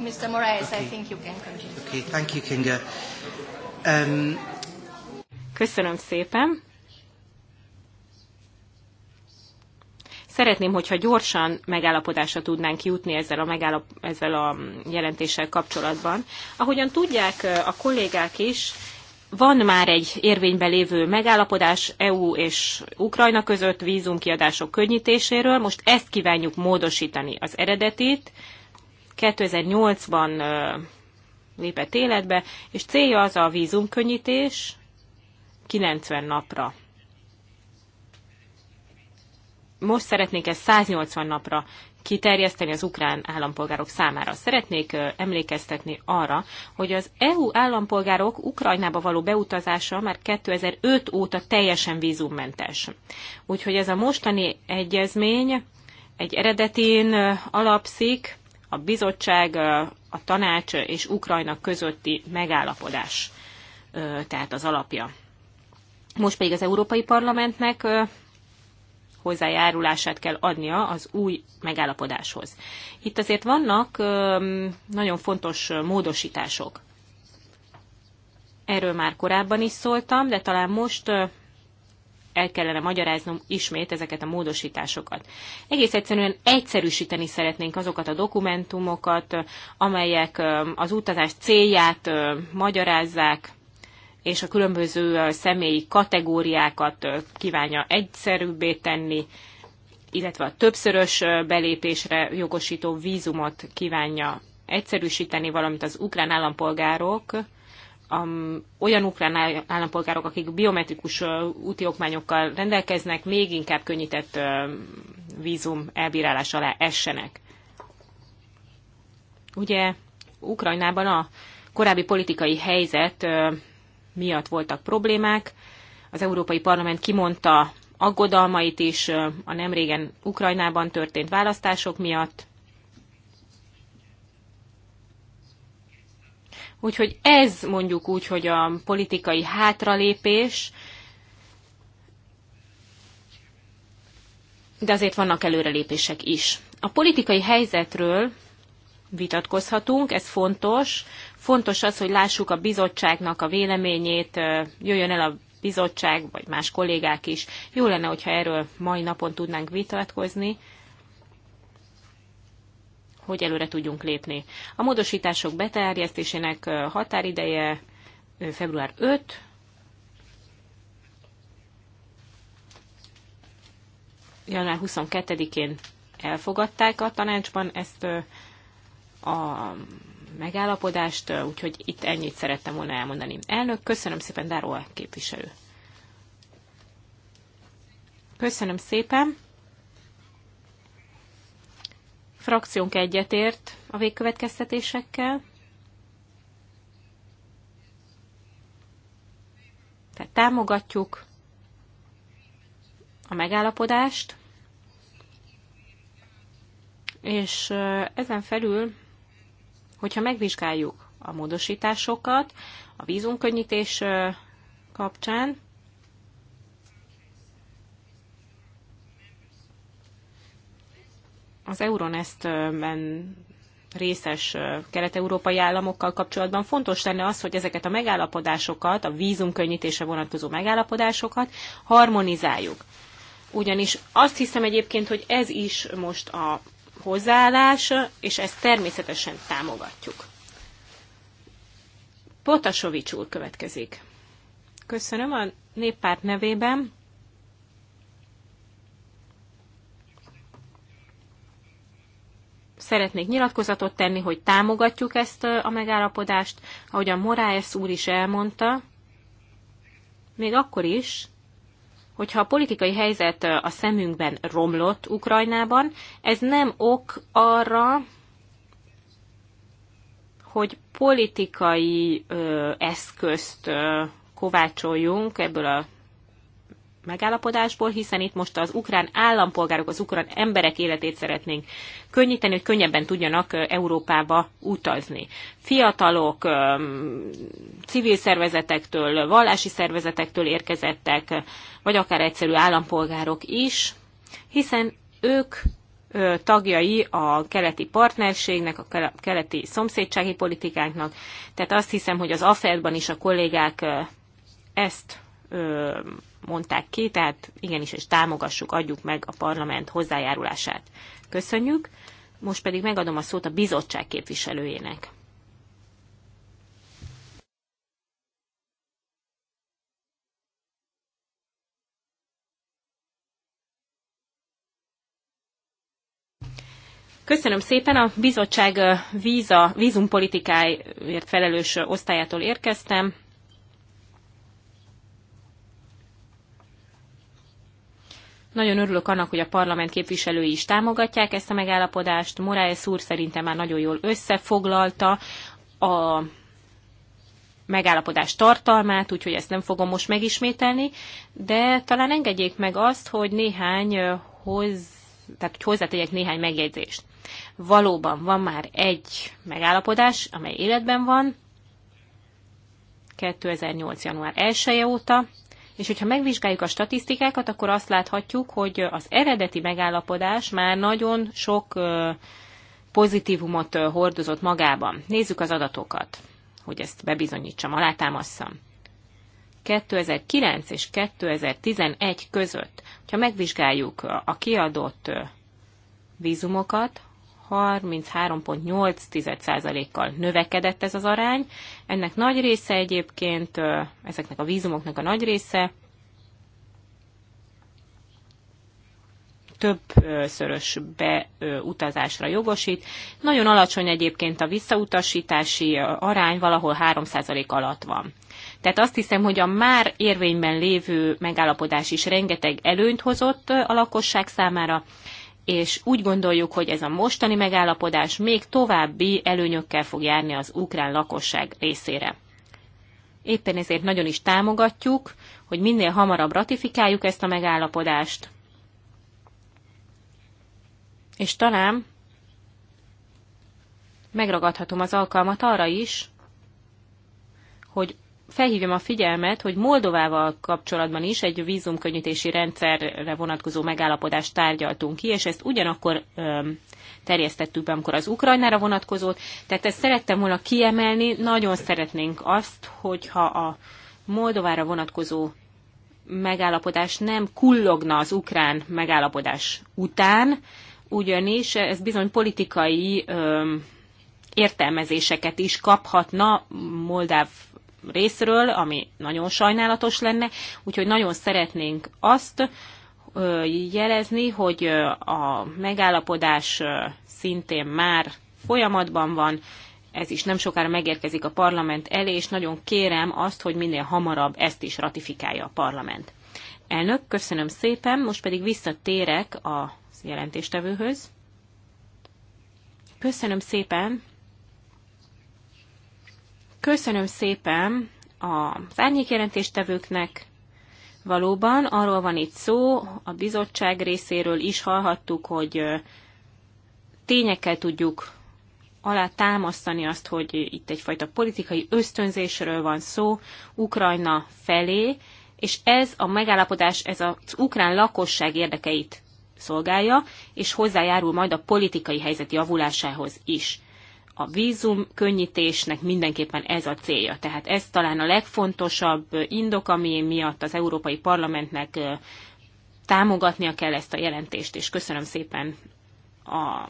Mr. Moraes, okay. I think you can continue. Okay, thank you, Kinga. Um... Köszönöm szépen. Szeretném, hogyha gyorsan megállapodásra tudnánk jutni ezzel a, megállap, ezzel a jelentéssel kapcsolatban. Ahogyan tudják eh, a kollégák is, van már egy érvényben lévő megállapodás EU és Ukrajna között vízumkiadások könnyítéséről, most ezt kívánjuk módosítani az eredetit, 2008-ban lépett életbe, és célja az a vízumkönnyítés 90 napra. Most szeretnék ezt 180 napra kiterjeszteni az ukrán állampolgárok számára. Szeretnék emlékeztetni arra, hogy az EU állampolgárok Ukrajnába való beutazása már 2005 óta teljesen vízummentes. Úgyhogy ez a mostani egyezmény egy eredetén alapszik, a bizottság, a tanács és Ukrajna közötti megállapodás, tehát az alapja. Most pedig az Európai Parlamentnek hozzájárulását kell adnia az új megállapodáshoz. Itt azért vannak nagyon fontos módosítások. Erről már korábban is szóltam, de talán most el kellene magyaráznom ismét ezeket a módosításokat. Egész egyszerűen egyszerűsíteni szeretnénk azokat a dokumentumokat, amelyek az utazás célját magyarázzák, és a különböző személyi kategóriákat kívánja egyszerűbbé tenni, illetve a többszörös belépésre jogosító vízumot kívánja egyszerűsíteni, valamint az ukrán állampolgárok um, olyan ukrán állampolgárok, akik biometrikus uh, úti okmányokkal rendelkeznek, még inkább könnyített uh, vízum elbírálás alá essenek. Ugye Ukrajnában a korábbi politikai helyzet uh, miatt voltak problémák, az Európai Parlament kimondta aggodalmait is a nemrégen Ukrajnában történt választások miatt, Úgyhogy ez mondjuk úgy, hogy a politikai hátralépés, de azért vannak előrelépések is. A politikai helyzetről vitatkozhatunk, ez fontos. Fontos az, hogy lássuk a bizottságnak a véleményét, jöjjön el a bizottság, vagy más kollégák is. Jó lenne, hogyha erről mai napon tudnánk vitatkozni, hogy előre tudjunk lépni. A módosítások beterjesztésének határideje február 5, január 22-én elfogadták a tanácsban ezt a megállapodást, úgyhogy itt ennyit szerettem volna elmondani. Elnök, köszönöm szépen, Dáró képviselő. Köszönöm szépen frakciónk egyetért a végkövetkeztetésekkel. Tehát támogatjuk a megállapodást, és ezen felül, hogyha megvizsgáljuk a módosításokat a vízunkönnyítés kapcsán, az Euronest-ben részes kelet-európai államokkal kapcsolatban fontos lenne az, hogy ezeket a megállapodásokat, a vízumkönnyítése vonatkozó megállapodásokat harmonizáljuk. Ugyanis azt hiszem egyébként, hogy ez is most a hozzáállás, és ezt természetesen támogatjuk. Potasovics úr következik. Köszönöm a néppárt nevében. szeretnék nyilatkozatot tenni, hogy támogatjuk ezt a megállapodást, ahogy a Moraes úr is elmondta, még akkor is, hogyha a politikai helyzet a szemünkben romlott Ukrajnában, ez nem ok arra, hogy politikai ö, eszközt ö, kovácsoljunk ebből a megállapodásból, hiszen itt most az ukrán állampolgárok, az ukrán emberek életét szeretnénk könnyíteni, hogy könnyebben tudjanak Európába utazni. Fiatalok, civil szervezetektől, vallási szervezetektől érkezettek, vagy akár egyszerű állampolgárok is, hiszen ők tagjai a keleti partnerségnek, a keleti szomszédsági politikánknak. Tehát azt hiszem, hogy az afed is a kollégák ezt ö, mondták ki, tehát igenis, és támogassuk, adjuk meg a parlament hozzájárulását. Köszönjük. Most pedig megadom a szót a bizottság képviselőjének. Köszönöm szépen, a bizottság víza, vízumpolitikáért felelős osztályától érkeztem. Nagyon örülök annak, hogy a parlament képviselői is támogatják ezt a megállapodást. Moraes úr szerintem már nagyon jól összefoglalta a megállapodás tartalmát, úgyhogy ezt nem fogom most megismételni, de talán engedjék meg azt, hogy néhány hoz, tehát hogy hozzátegyek néhány megjegyzést. Valóban van már egy megállapodás, amely életben van, 2008. január 1 -e óta, és hogyha megvizsgáljuk a statisztikákat, akkor azt láthatjuk, hogy az eredeti megállapodás már nagyon sok pozitívumot hordozott magában. Nézzük az adatokat, hogy ezt bebizonyítsam, alátámasszam. 2009 és 2011 között, ha megvizsgáljuk a kiadott vízumokat, 33.8%-kal növekedett ez az arány. Ennek nagy része egyébként, ezeknek a vízumoknak a nagy része többszörös beutazásra jogosít. Nagyon alacsony egyébként a visszautasítási arány, valahol 3% alatt van. Tehát azt hiszem, hogy a már érvényben lévő megállapodás is rengeteg előnyt hozott a lakosság számára, és úgy gondoljuk, hogy ez a mostani megállapodás még további előnyökkel fog járni az ukrán lakosság részére. Éppen ezért nagyon is támogatjuk, hogy minél hamarabb ratifikáljuk ezt a megállapodást, és talán megragadhatom az alkalmat arra is, hogy felhívjam a figyelmet, hogy Moldovával kapcsolatban is egy vízumkönnyítési rendszerre vonatkozó megállapodást tárgyaltunk ki, és ezt ugyanakkor terjesztettük be, amikor az Ukrajnára vonatkozott. Tehát ezt szerettem volna kiemelni, nagyon szeretnénk azt, hogyha a Moldovára vonatkozó megállapodás nem kullogna az ukrán megállapodás után, ugyanis ez bizony politikai öm, értelmezéseket is kaphatna Moldáv részről, ami nagyon sajnálatos lenne, úgyhogy nagyon szeretnénk azt jelezni, hogy a megállapodás szintén már folyamatban van, ez is nem sokára megérkezik a parlament elé, és nagyon kérem azt, hogy minél hamarabb ezt is ratifikálja a parlament. Elnök, köszönöm szépen, most pedig visszatérek a jelentéstevőhöz. Köszönöm szépen, Köszönöm szépen a árnyékjelentéstevőknek. Valóban arról van itt szó, a bizottság részéről is hallhattuk, hogy tényekkel tudjuk alá támasztani azt, hogy itt egyfajta politikai ösztönzésről van szó Ukrajna felé, és ez a megállapodás, ez az ukrán lakosság érdekeit szolgálja, és hozzájárul majd a politikai helyzet javulásához is a vízum könnyítésnek mindenképpen ez a célja. Tehát ez talán a legfontosabb indok, ami miatt az Európai Parlamentnek támogatnia kell ezt a jelentést, és köszönöm szépen a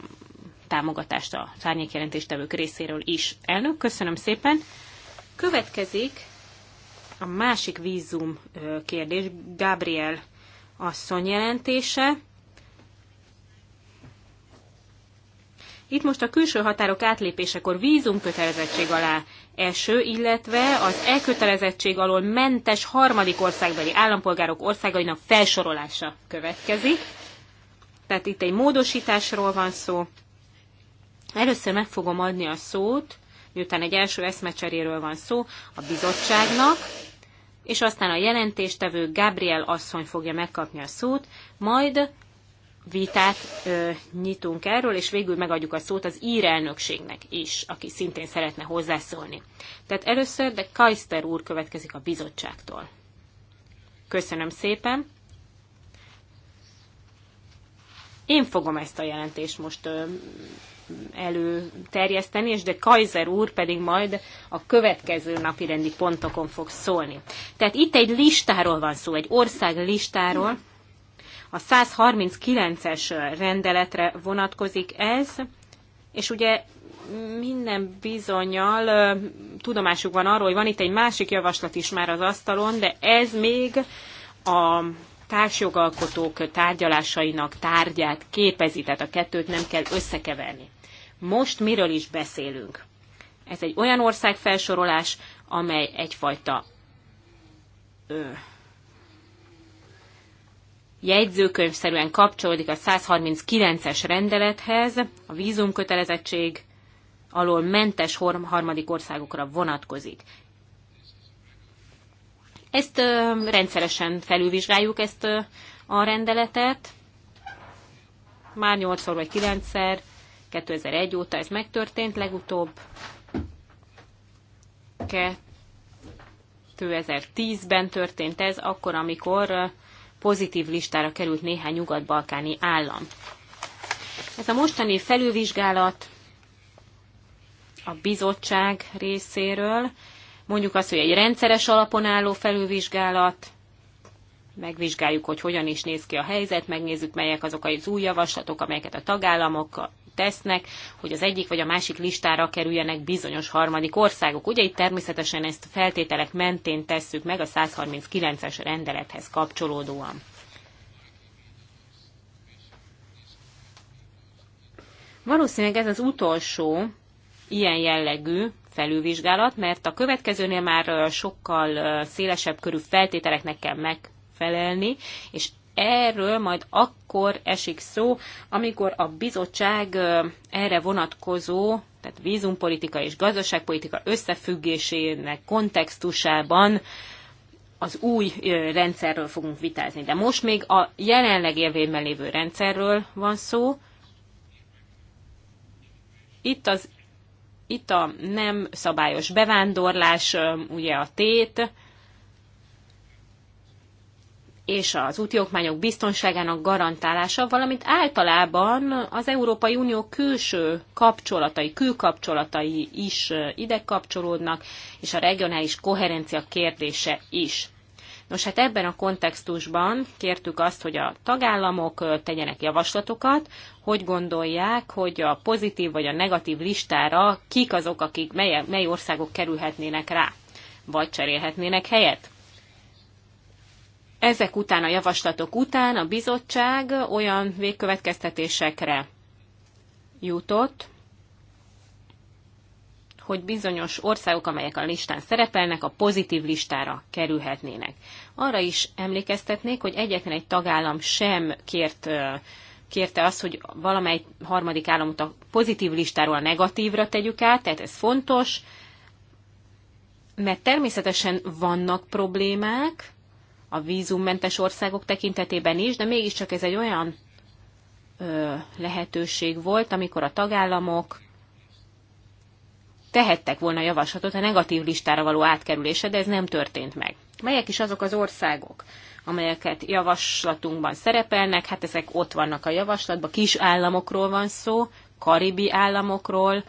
támogatást a jelentéstevők részéről is. Elnök, köszönöm szépen. Következik a másik vízum kérdés, Gabriel asszony jelentése. Itt most a külső határok átlépésekor kötelezettség alá eső, illetve az elkötelezettség alól mentes harmadik országbeli állampolgárok országainak felsorolása következik. Tehát itt egy módosításról van szó. Először meg fogom adni a szót, miután egy első eszmecseréről van szó, a bizottságnak, és aztán a jelentéstevő Gabriel asszony fogja megkapni a szót, majd vitát ö, nyitunk erről, és végül megadjuk a szót az ír elnökségnek is, aki szintén szeretne hozzászólni. Tehát először, de Kajszter úr következik a bizottságtól. Köszönöm szépen. Én fogom ezt a jelentést most ö, előterjeszteni, és de Kaiser úr pedig majd a következő napi rendi pontokon fog szólni. Tehát itt egy listáról van szó, egy ország listáról, a 139-es rendeletre vonatkozik ez, és ugye minden bizonyal tudomásuk van arról, hogy van itt egy másik javaslat is már az asztalon, de ez még a társjogalkotók tárgyalásainak tárgyát képezi, tehát a kettőt nem kell összekeverni. Most miről is beszélünk? Ez egy olyan országfelsorolás, amely egyfajta ö, jegyzőkönyvszerűen kapcsolódik a 139-es rendelethez, a vízumkötelezettség alól mentes harmadik országokra vonatkozik. Ezt ö, rendszeresen felülvizsgáljuk ezt ö, a rendeletet. Már 8-szor vagy 9-szer, 2001 óta ez megtörtént legutóbb. 2010-ben történt ez, akkor, amikor pozitív listára került néhány nyugat-balkáni állam. Ez a mostani felülvizsgálat a bizottság részéről, mondjuk azt, hogy egy rendszeres alapon álló felülvizsgálat, megvizsgáljuk, hogy hogyan is néz ki a helyzet, megnézzük, melyek azok az új javaslatok, amelyeket a tagállamok tesznek, hogy az egyik vagy a másik listára kerüljenek bizonyos harmadik országok. Ugye itt természetesen ezt feltételek mentén tesszük meg a 139-es rendelethez kapcsolódóan. Valószínűleg ez az utolsó ilyen jellegű felülvizsgálat, mert a következőnél már sokkal szélesebb körű feltételeknek kell megfelelni, és erről majd akkor esik szó, amikor a bizottság erre vonatkozó, tehát vízumpolitika és gazdaságpolitika összefüggésének kontextusában az új rendszerről fogunk vitázni. De most még a jelenleg érvényben lévő rendszerről van szó. Itt, az, itt a nem szabályos bevándorlás ugye a tét, és az úti okmányok biztonságának garantálása, valamint általában az Európai Unió külső kapcsolatai, külkapcsolatai is ide kapcsolódnak, és a regionális koherencia kérdése is. Nos, hát ebben a kontextusban kértük azt, hogy a tagállamok tegyenek javaslatokat, hogy gondolják, hogy a pozitív vagy a negatív listára kik azok, akik mely, mely országok kerülhetnének rá, vagy cserélhetnének helyet ezek után, a javaslatok után a bizottság olyan végkövetkeztetésekre jutott, hogy bizonyos országok, amelyek a listán szerepelnek, a pozitív listára kerülhetnének. Arra is emlékeztetnék, hogy egyetlen egy tagállam sem kért, kérte azt, hogy valamely harmadik államot a pozitív listáról a negatívra tegyük át, tehát ez fontos, mert természetesen vannak problémák, a vízummentes országok tekintetében is, de mégiscsak ez egy olyan ö, lehetőség volt, amikor a tagállamok tehettek volna javaslatot a negatív listára való átkerülése, de ez nem történt meg. Melyek is azok az országok, amelyeket javaslatunkban szerepelnek? Hát ezek ott vannak a javaslatban, kis államokról van szó, karibi államokról,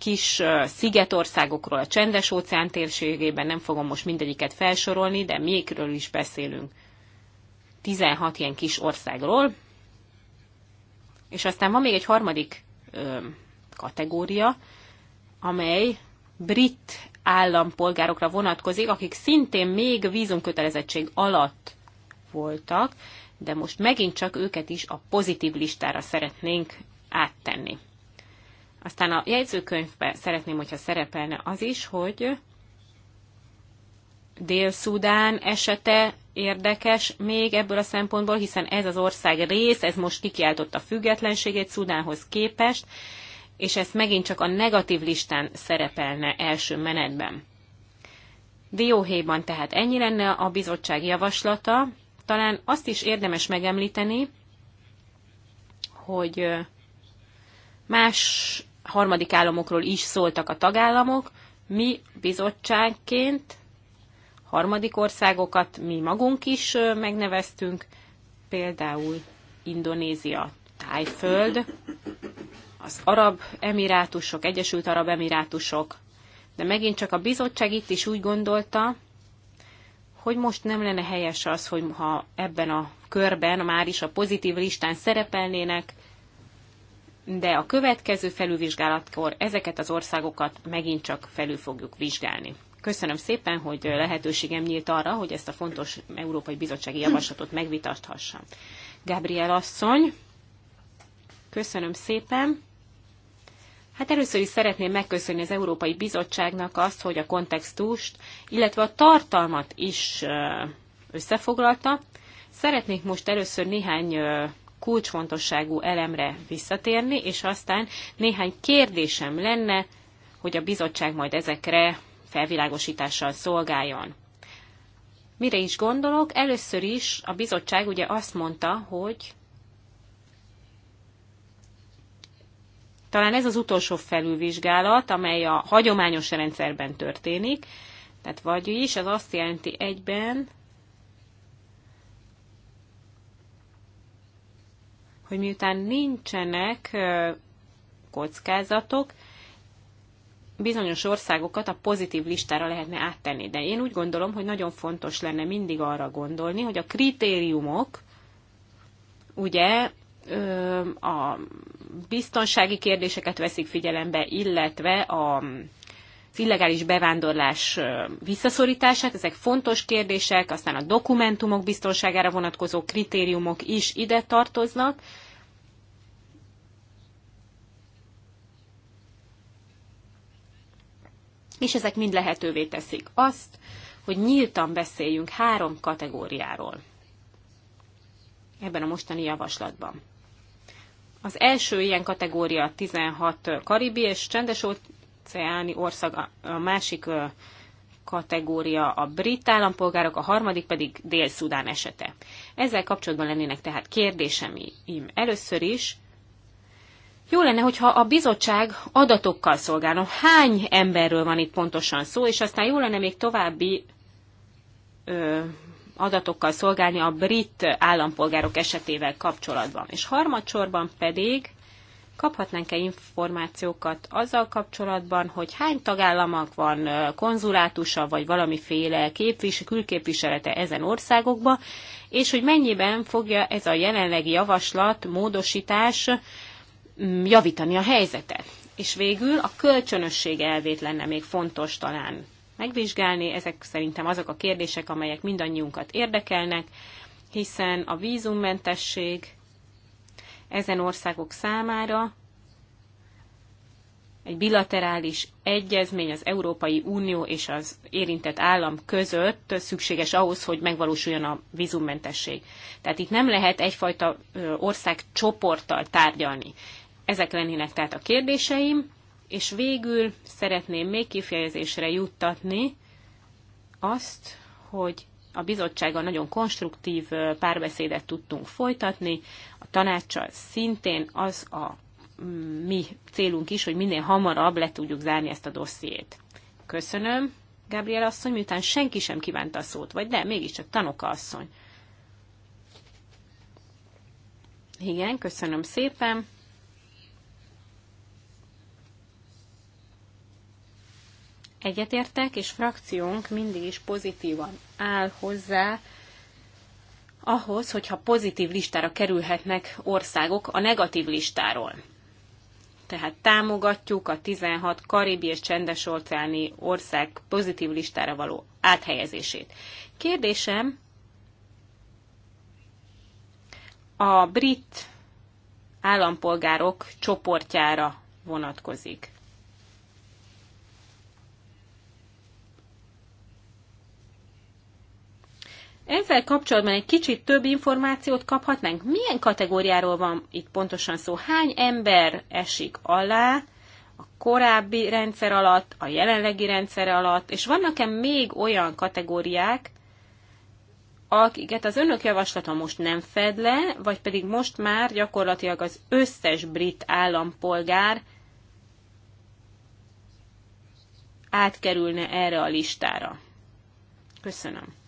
kis szigetországokról a csendes óceán térségében, nem fogom most mindegyiket felsorolni, de mikről is beszélünk. 16 ilyen kis országról. És aztán van még egy harmadik ö, kategória, amely brit állampolgárokra vonatkozik, akik szintén még vízumkötelezettség alatt voltak, de most megint csak őket is a pozitív listára szeretnénk áttenni. Aztán a jegyzőkönyvben szeretném, hogyha szerepelne az is, hogy Dél-Szudán esete érdekes még ebből a szempontból, hiszen ez az ország rész, ez most a függetlenségét Szudánhoz képest, és ez megint csak a negatív listán szerepelne első menetben. Dióhéjban tehát ennyi lenne a bizottság javaslata. Talán azt is érdemes megemlíteni, hogy más harmadik államokról is szóltak a tagállamok, mi bizottságként harmadik országokat mi magunk is megneveztünk, például Indonézia, Tájföld, az Arab Emirátusok, Egyesült Arab Emirátusok, de megint csak a bizottság itt is úgy gondolta, hogy most nem lenne helyes az, hogy ha ebben a körben már is a pozitív listán szerepelnének de a következő felülvizsgálatkor ezeket az országokat megint csak felül fogjuk vizsgálni. Köszönöm szépen, hogy lehetőségem nyílt arra, hogy ezt a fontos Európai Bizottsági Javaslatot megvitathassam. Gabriel asszony, köszönöm szépen. Hát először is szeretném megköszönni az Európai Bizottságnak azt, hogy a kontextust, illetve a tartalmat is összefoglalta. Szeretnék most először néhány kulcsfontosságú elemre visszatérni, és aztán néhány kérdésem lenne, hogy a bizottság majd ezekre felvilágosítással szolgáljon. Mire is gondolok? Először is a bizottság ugye azt mondta, hogy talán ez az utolsó felülvizsgálat, amely a hagyományos rendszerben történik, tehát vagyis az azt jelenti egyben, hogy miután nincsenek kockázatok, bizonyos országokat a pozitív listára lehetne áttenni. De én úgy gondolom, hogy nagyon fontos lenne mindig arra gondolni, hogy a kritériumok, ugye a biztonsági kérdéseket veszik figyelembe, illetve a az illegális bevándorlás visszaszorítását, ezek fontos kérdések, aztán a dokumentumok biztonságára vonatkozó kritériumok is ide tartoznak. És ezek mind lehetővé teszik azt, hogy nyíltan beszéljünk három kategóriáról ebben a mostani javaslatban. Az első ilyen kategória 16 karibi és csendes óceáni ország, a másik kategória a brit állampolgárok, a harmadik pedig Dél-Szudán esete. Ezzel kapcsolatban lennének tehát kérdéseim először is. Jó lenne, hogyha a bizottság adatokkal szolgálna, hány emberről van itt pontosan szó, és aztán jó lenne még további ö, adatokkal szolgálni a brit állampolgárok esetével kapcsolatban. És harmadsorban pedig kaphatnánk-e információkat azzal kapcsolatban, hogy hány tagállamak van konzulátusa, vagy valamiféle képvis, külképviselete ezen országokba, és hogy mennyiben fogja ez a jelenlegi javaslat, módosítás mm, javítani a helyzetet. És végül a kölcsönösség elvét lenne még fontos talán megvizsgálni. Ezek szerintem azok a kérdések, amelyek mindannyiunkat érdekelnek, hiszen a vízummentesség ezen országok számára egy bilaterális egyezmény az Európai Unió és az érintett állam között szükséges ahhoz, hogy megvalósuljon a vízummentesség. Tehát itt nem lehet egyfajta ország csoporttal tárgyalni. Ezek lennének tehát a kérdéseim, és végül szeretném még kifejezésre juttatni azt, hogy a bizottsággal nagyon konstruktív párbeszédet tudtunk folytatni, a tanácssal szintén az a mm, mi célunk is, hogy minél hamarabb le tudjuk zárni ezt a dossziét. Köszönöm, Gabriel asszony, miután senki sem kívánta a szót, vagy de, mégiscsak Tanoka asszony. Igen, köszönöm szépen. egyetértek, és frakciónk mindig is pozitívan áll hozzá ahhoz, hogyha pozitív listára kerülhetnek országok a negatív listáról. Tehát támogatjuk a 16 karibi és csendes óceáni ország pozitív listára való áthelyezését. Kérdésem a brit állampolgárok csoportjára vonatkozik. Ezzel kapcsolatban egy kicsit több információt kaphatnánk. Milyen kategóriáról van itt pontosan szó? Hány ember esik alá a korábbi rendszer alatt, a jelenlegi rendszer alatt, és vannak-e még olyan kategóriák, akiket az önök javaslata most nem fed le, vagy pedig most már gyakorlatilag az összes brit állampolgár átkerülne erre a listára. Köszönöm.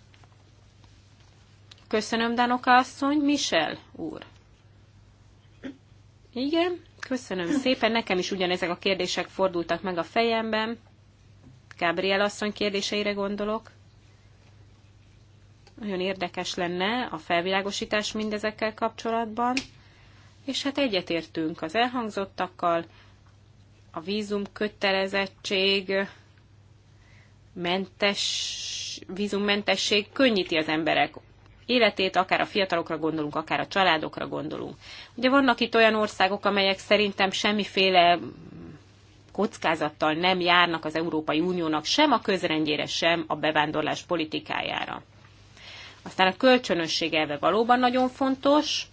Köszönöm, Danoka asszony. Michel úr. Igen, köszönöm szépen. Nekem is ugyanezek a kérdések fordultak meg a fejemben. Gabriel asszony kérdéseire gondolok. Nagyon érdekes lenne a felvilágosítás mindezekkel kapcsolatban. És hát egyetértünk az elhangzottakkal. A vízum kötelezettség mentes, vízummentesség könnyíti az emberek életét, akár a fiatalokra gondolunk, akár a családokra gondolunk. Ugye vannak itt olyan országok, amelyek szerintem semmiféle kockázattal nem járnak az Európai Uniónak sem a közrendjére, sem a bevándorlás politikájára. Aztán a kölcsönösség elve valóban nagyon fontos,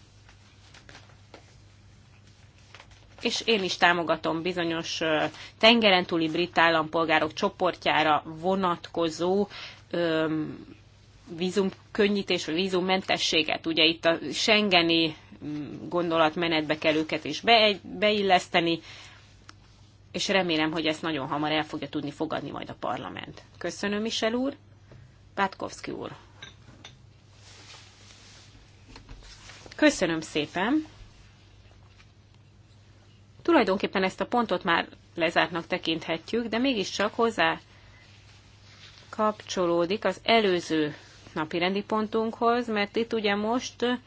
és én is támogatom bizonyos tengeren túli brit állampolgárok csoportjára vonatkozó öm, vízumkönnyítés, vagy vízummentességet. Ugye itt a Schengeni mm, gondolatmenetbe kell őket is be, beilleszteni, és remélem, hogy ezt nagyon hamar el fogja tudni fogadni majd a parlament. Köszönöm, Michel úr. Pátkovszki úr. Köszönöm szépen. Tulajdonképpen ezt a pontot már lezártnak tekinthetjük, de mégiscsak hozzá kapcsolódik az előző napi rendi pontunkhoz, mert itt ugye most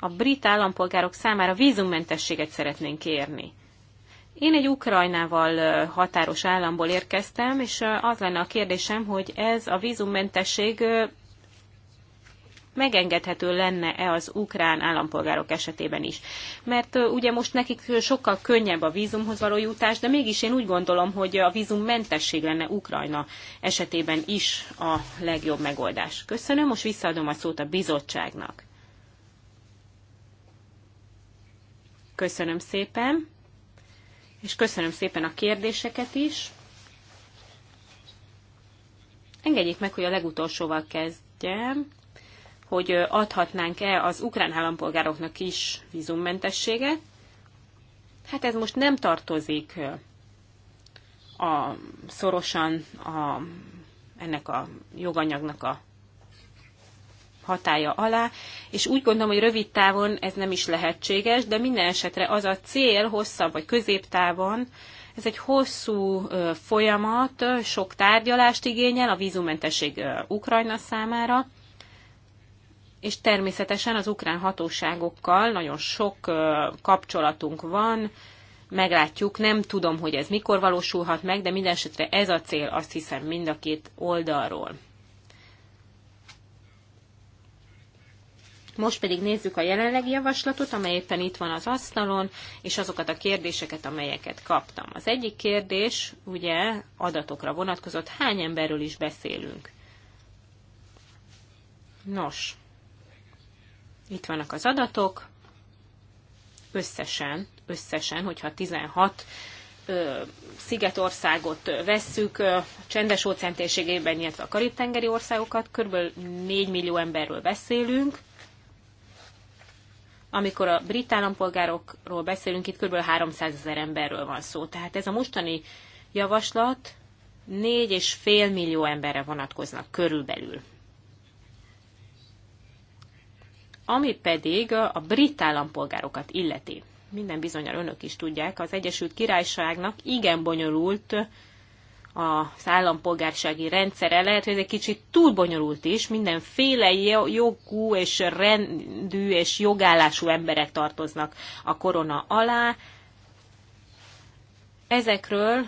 a brit állampolgárok számára vízummentességet szeretnénk kérni. Én egy Ukrajnával határos államból érkeztem, és az lenne a kérdésem, hogy ez a vízummentesség megengedhető lenne-e az ukrán állampolgárok esetében is. Mert ugye most nekik sokkal könnyebb a vízumhoz való jutás, de mégis én úgy gondolom, hogy a vízummentesség lenne Ukrajna esetében is a legjobb megoldás. Köszönöm, most visszaadom a szót a bizottságnak. Köszönöm szépen, és köszönöm szépen a kérdéseket is. Engedjék meg, hogy a legutolsóval kezdjem hogy adhatnánk-e az ukrán állampolgároknak is vízummentességet. Hát ez most nem tartozik a, szorosan a, ennek a joganyagnak a hatája alá, és úgy gondolom, hogy rövid távon ez nem is lehetséges, de minden esetre az a cél hosszabb vagy középtávon, ez egy hosszú folyamat, sok tárgyalást igényel a vízumentesség Ukrajna számára, és természetesen az ukrán hatóságokkal nagyon sok kapcsolatunk van, meglátjuk, nem tudom, hogy ez mikor valósulhat meg, de minden esetre ez a cél, azt hiszem, mind a két oldalról. Most pedig nézzük a jelenlegi javaslatot, amely éppen itt van az asztalon, és azokat a kérdéseket, amelyeket kaptam. Az egyik kérdés, ugye, adatokra vonatkozott, hány emberről is beszélünk? Nos, itt vannak az adatok, összesen, összesen, hogyha 16 ö, szigetországot vesszük, a csendes óceán térségében, illetve a karib-tengeri országokat, kb. 4 millió emberről beszélünk. Amikor a brit állampolgárokról beszélünk, itt kb. 300 ezer emberről van szó. Tehát ez a mostani javaslat 4,5 millió emberre vonatkoznak körülbelül. Ami pedig a brit állampolgárokat illeti, minden bizonyal önök is tudják, az Egyesült Királyságnak igen bonyolult az állampolgársági rendszere. Lehet, hogy ez egy kicsit túl bonyolult is, mindenféle jogú és rendű és jogállású emberek tartoznak a korona alá. Ezekről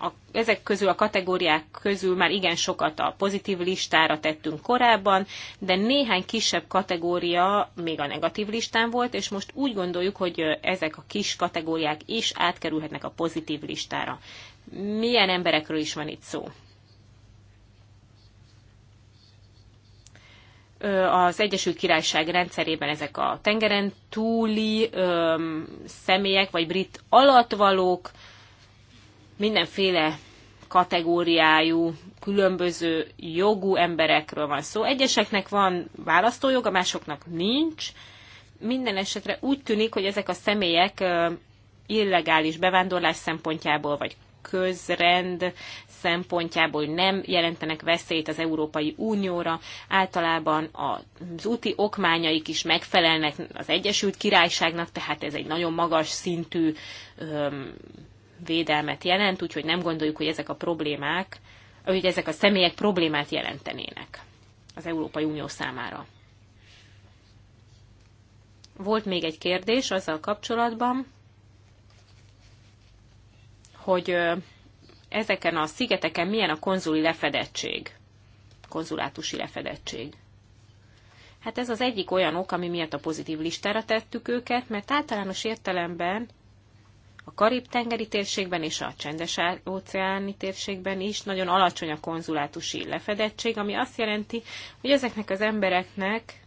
a, ezek közül, a kategóriák közül már igen sokat a pozitív listára tettünk korábban, de néhány kisebb kategória még a negatív listán volt, és most úgy gondoljuk, hogy ezek a kis kategóriák is átkerülhetnek a pozitív listára. Milyen emberekről is van itt szó? az Egyesült Királyság rendszerében ezek a tengeren túli ö, személyek, vagy brit alatvalók, mindenféle kategóriájú, különböző jogú emberekről van szó. Egyeseknek van választójoga, másoknak nincs. Minden esetre úgy tűnik, hogy ezek a személyek illegális bevándorlás szempontjából, vagy közrend szempontjából nem jelentenek veszélyt az Európai Unióra. Általában az úti okmányaik is megfelelnek az Egyesült Királyságnak, tehát ez egy nagyon magas szintű öm, védelmet jelent, úgyhogy nem gondoljuk, hogy ezek a problémák, hogy ezek a személyek problémát jelentenének az Európai Unió számára. Volt még egy kérdés azzal kapcsolatban, hogy ezeken a szigeteken milyen a konzuli lefedettség, konzulátusi lefedettség. Hát ez az egyik olyan ok, ami miatt a pozitív listára tettük őket, mert általános értelemben a Karib-tengeri térségben és a Csendes-óceáni térségben is nagyon alacsony a konzulátusi lefedettség, ami azt jelenti, hogy ezeknek az embereknek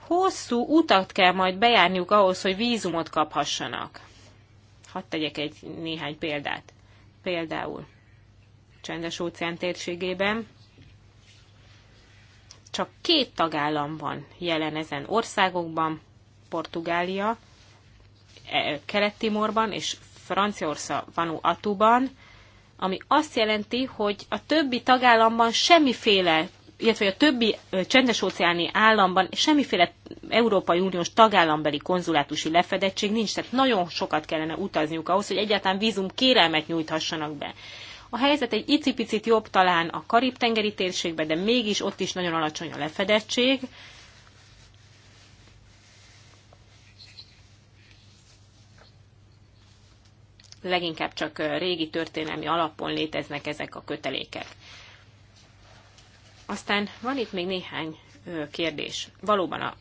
hosszú utat kell majd bejárniuk ahhoz, hogy vízumot kaphassanak. Hadd tegyek egy néhány példát. Például Csendes-óceán térségében csak két tagállam van jelen ezen országokban, Portugália E, Kelet-Timorban és Franciaország Atuban, ami azt jelenti, hogy a többi tagállamban semmiféle illetve a többi csendes-óceáni államban semmiféle Európai Uniós tagállambeli konzulátusi lefedettség nincs, tehát nagyon sokat kellene utazniuk ahhoz, hogy egyáltalán vízum kérelmet nyújthassanak be. A helyzet egy icipicit jobb talán a Karib-tengeri térségben, de mégis ott is nagyon alacsony a lefedettség, leginkább csak régi történelmi alapon léteznek ezek a kötelékek. Aztán van itt még néhány kérdés. Valóban a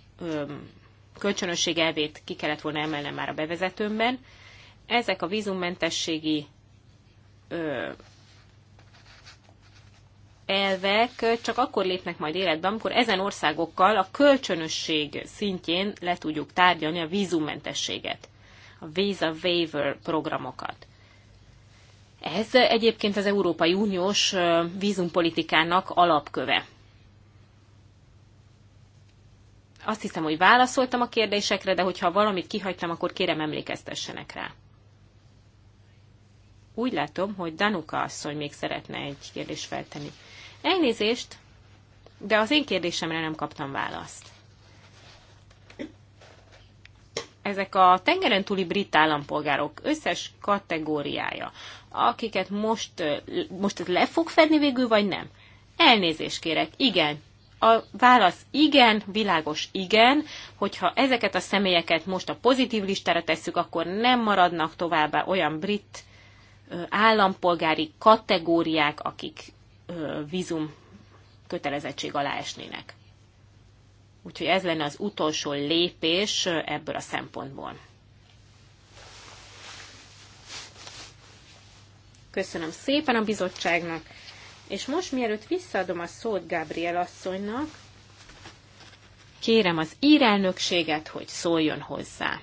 kölcsönösség elvét ki kellett volna emelnem már a bevezetőmben. Ezek a vízummentességi elvek csak akkor lépnek majd életbe, amikor ezen országokkal a kölcsönösség szintjén le tudjuk tárgyalni a vízummentességet a Visa Waiver programokat. Ez egyébként az Európai Uniós vízumpolitikának alapköve. Azt hiszem, hogy válaszoltam a kérdésekre, de hogyha valamit kihagytam, akkor kérem emlékeztessenek rá. Úgy látom, hogy Danuka asszony még szeretne egy kérdést feltenni. Elnézést, de az én kérdésemre nem kaptam választ ezek a tengeren túli brit állampolgárok összes kategóriája, akiket most, most ez le fog fedni végül, vagy nem? Elnézést kérek, igen. A válasz igen, világos igen, hogyha ezeket a személyeket most a pozitív listára tesszük, akkor nem maradnak továbbá olyan brit állampolgári kategóriák, akik vízum kötelezettség alá esnének. Úgyhogy ez lenne az utolsó lépés ebből a szempontból. Köszönöm szépen a bizottságnak, és most mielőtt visszaadom a szót Gabriel asszonynak, kérem az írelnökséget, hogy szóljon hozzá.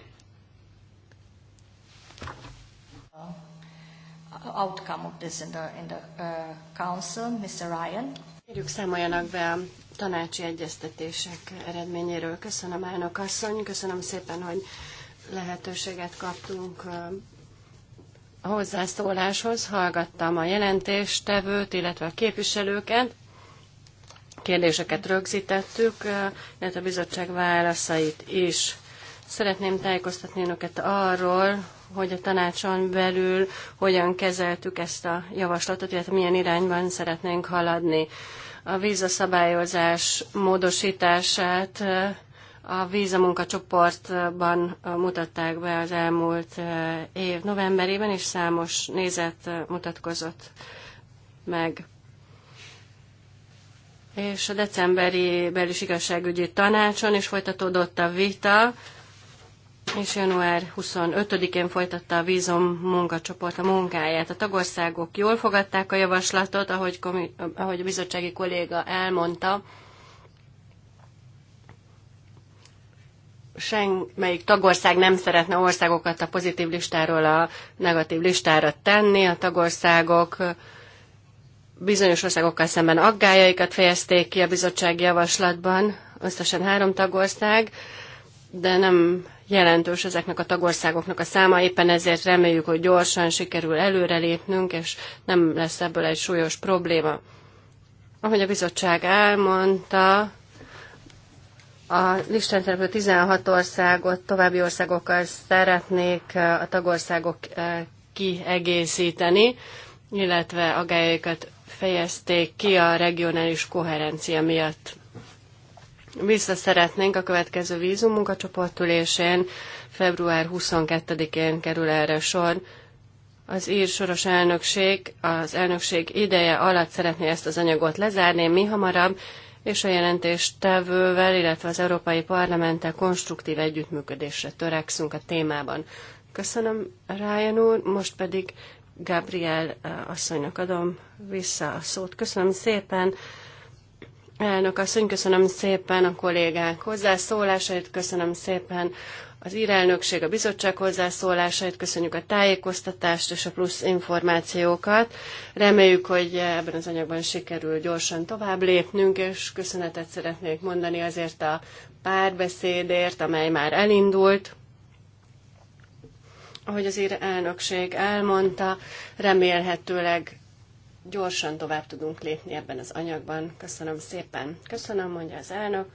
outcome of this in the, in the uh, council, Mr. Ryan. Kérjük számoljanak be tanácsi egyeztetések eredményéről. Köszönöm, elnök asszony, köszönöm szépen, hogy lehetőséget kaptunk a hozzászóláshoz. Hallgattam a jelentéstevőt, illetve a képviselőket. Kérdéseket rögzítettük, illetve a bizottság válaszait is. Szeretném tájékoztatni önöket arról, hogy a tanácson belül hogyan kezeltük ezt a javaslatot, illetve milyen irányban szeretnénk haladni a vízaszabályozás módosítását a vízamunkacsoportban mutatták be az elmúlt év novemberében, és számos nézet mutatkozott meg. És a decemberi belis igazságügyi tanácson is folytatódott a vita, és január 25-én folytatta a vízom munkacsoport a munkáját. A tagországok jól fogadták a javaslatot, ahogy, ahogy a bizottsági kolléga elmondta. melyik tagország nem szeretne országokat a pozitív listáról a negatív listára tenni. A tagországok bizonyos országokkal szemben aggájaikat fejezték ki a bizottsági javaslatban, összesen három tagország, de nem jelentős ezeknek a tagországoknak a száma, éppen ezért reméljük, hogy gyorsan sikerül előrelépnünk, és nem lesz ebből egy súlyos probléma. Ahogy a bizottság elmondta, a listán szereplő 16 országot további országokkal szeretnék eh, a tagországok eh, kiegészíteni, illetve a fejezték ki a regionális koherencia miatt vissza szeretnénk a következő vízum munkacsoportülésén, február 22-én kerül erre sor. Az ír soros elnökség az elnökség ideje alatt szeretné ezt az anyagot lezárni, mi hamarabb, és a jelentéstevővel, illetve az Európai Parlamenttel konstruktív együttműködésre törekszünk a témában. Köszönöm, Ryan úr, most pedig Gabriel eh, asszonynak adom vissza a szót. Köszönöm szépen. Elnök asszony, köszönöm szépen a kollégák hozzászólásait, köszönöm szépen az írelnökség, a bizottság hozzászólásait, köszönjük a tájékoztatást és a plusz információkat. Reméljük, hogy ebben az anyagban sikerül gyorsan tovább lépnünk, és köszönetet szeretnék mondani azért a párbeszédért, amely már elindult. Ahogy az ír elnökség elmondta, remélhetőleg gyorsan tovább tudunk lépni ebben az anyagban. Köszönöm szépen. Köszönöm, mondja az elnök.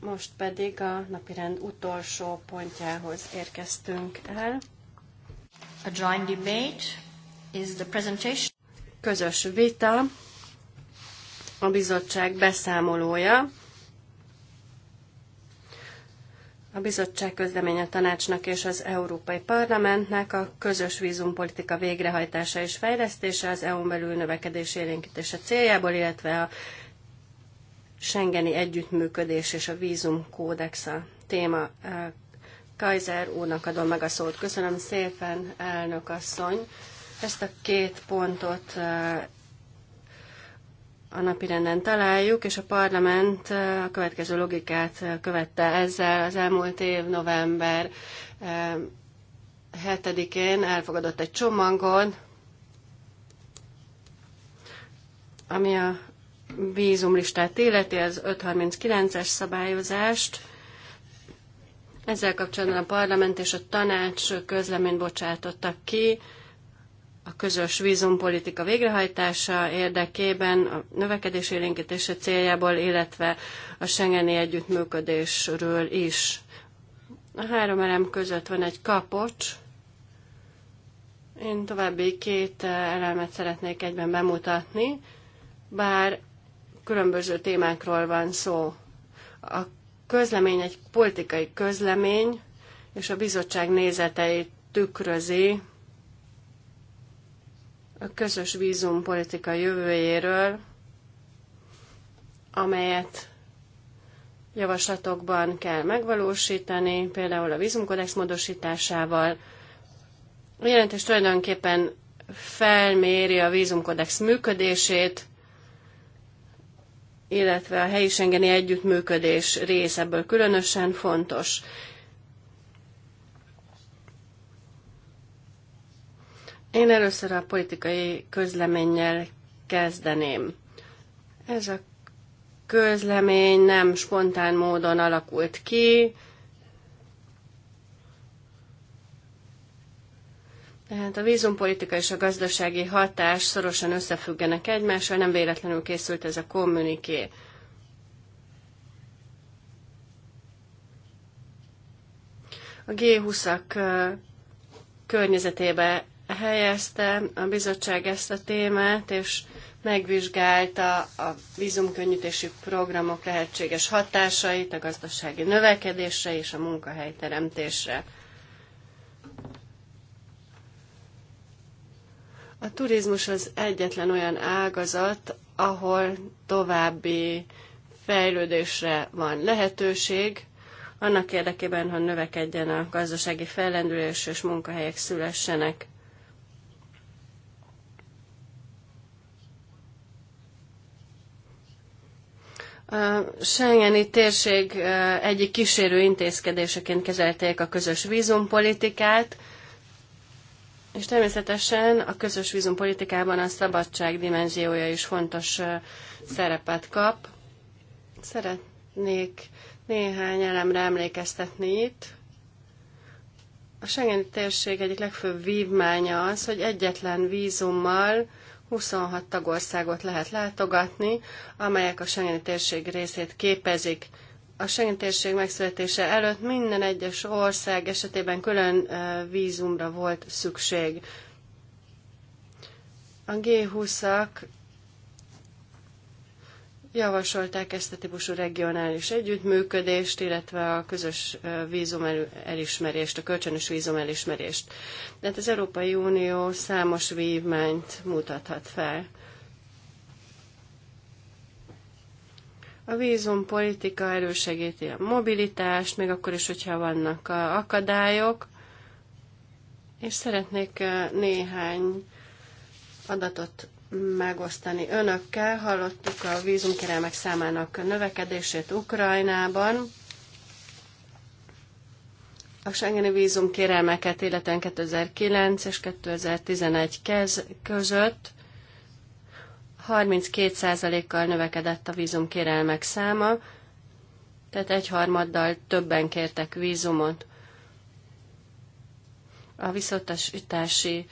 Most pedig a napirend utolsó pontjához érkeztünk el. A joint debate is the presentation. Közös vita, a bizottság beszámolója A bizottság közlemény a tanácsnak és az Európai Parlamentnek a közös vízumpolitika végrehajtása és fejlesztése az EU-n belül növekedés élénkítése céljából, illetve a Schengeni együttműködés és a vízumkódex a téma. Kaiser úrnak adom meg a szót. Köszönöm szépen, elnök asszony. Ezt a két pontot a renden találjuk, és a parlament a következő logikát követte ezzel az elmúlt év november 7-én elfogadott egy csomagon, ami a vízumlistát illeti, az 539-es szabályozást. Ezzel kapcsolatban a parlament és a tanács közleményt bocsátottak ki, a közös vízumpolitika végrehajtása érdekében, a növekedés élénkítése céljából, illetve a Schengeni együttműködésről is. A három elem között van egy kapocs. Én további két elemet szeretnék egyben bemutatni, bár különböző témákról van szó. A közlemény egy politikai közlemény, és a bizottság nézeteit tükrözi a közös vízumpolitika jövőjéről, amelyet javaslatokban kell megvalósítani, például a vízumkodex módosításával. A jelentés tulajdonképpen felméri a vízumkodex működését, illetve a helyi Schengeni együttműködés rész ebből különösen fontos. Én először a politikai közleménnyel kezdeném. Ez a közlemény nem spontán módon alakult ki, Tehát a vízumpolitika és a gazdasági hatás szorosan összefüggenek egymással, nem véletlenül készült ez a kommuniké. A G20-ak környezetébe helyezte a bizottság ezt a témát, és megvizsgálta a vízumkönnyítési programok lehetséges hatásait a gazdasági növekedésre és a munkahelyteremtésre. A turizmus az egyetlen olyan ágazat, ahol további fejlődésre van lehetőség, annak érdekében, hogy növekedjen a gazdasági fellendülés és munkahelyek szülessenek. A Schengeni térség egyik kísérő intézkedéseként kezelték a közös vízumpolitikát, és természetesen a közös vízumpolitikában a szabadság dimenziója is fontos szerepet kap. Szeretnék néhány elemre emlékeztetni itt. A Schengeni térség egyik legfőbb vívmánya az, hogy egyetlen vízummal 26 tagországot lehet látogatni, amelyek a Schengen térség részét képezik. A Schengen térség megszületése előtt minden egyes ország esetében külön vízumra volt szükség. A G20-ak javasolták ezt a típusú regionális együttműködést, illetve a közös vízum elismerést, a kölcsönös vízum elismerést. De hát az Európai Unió számos vívmányt mutathat fel. A vízumpolitika elősegíti a mobilitást, még akkor is, hogyha vannak akadályok. És szeretnék néhány adatot megosztani önökkel. Hallottuk a vízumkérelmek számának növekedését Ukrajnában. A Schengeni vízumkérelmeket életen 2009 és 2011 kez, között 32%-kal növekedett a vízumkérelmek száma, tehát egyharmaddal többen kértek vízumot. A visszautasítási uh,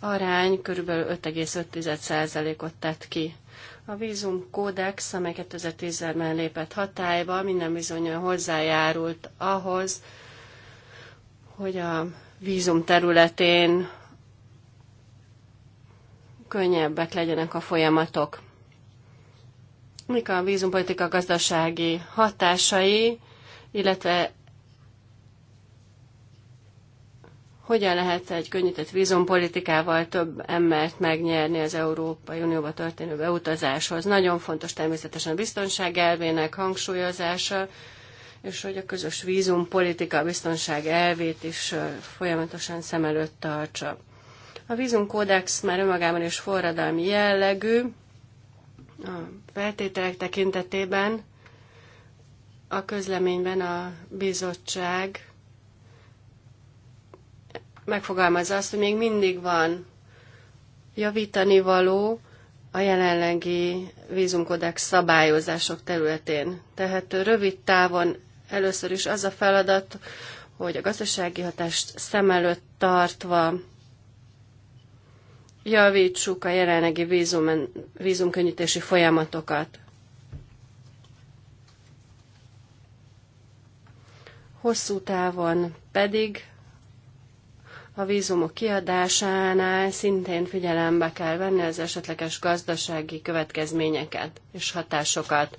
arány körülbelül 5,5%-ot tett ki. A vízum kódex, amely 2010-ben lépett hatályba, minden bizonyan hozzájárult ahhoz, hogy a vízum területén könnyebbek legyenek a folyamatok. Mik a vízumpolitika gazdasági hatásai, illetve hogyan lehet egy könnyített vízumpolitikával több embert megnyerni az Európai Unióba történő beutazáshoz. Nagyon fontos természetesen a biztonság elvének hangsúlyozása, és hogy a közös vízumpolitika a biztonság elvét is folyamatosan szem előtt tartsa. A vízumkódex már önmagában is forradalmi jellegű, a feltételek tekintetében a közleményben a bizottság megfogalmazza azt, hogy még mindig van javítani való a jelenlegi vízumkodex szabályozások területén. Tehát rövid távon először is az a feladat, hogy a gazdasági hatást szem előtt tartva javítsuk a jelenlegi vízum, vízumkönnyítési folyamatokat. Hosszú távon pedig a vízumok kiadásánál szintén figyelembe kell venni az esetleges gazdasági következményeket és hatásokat.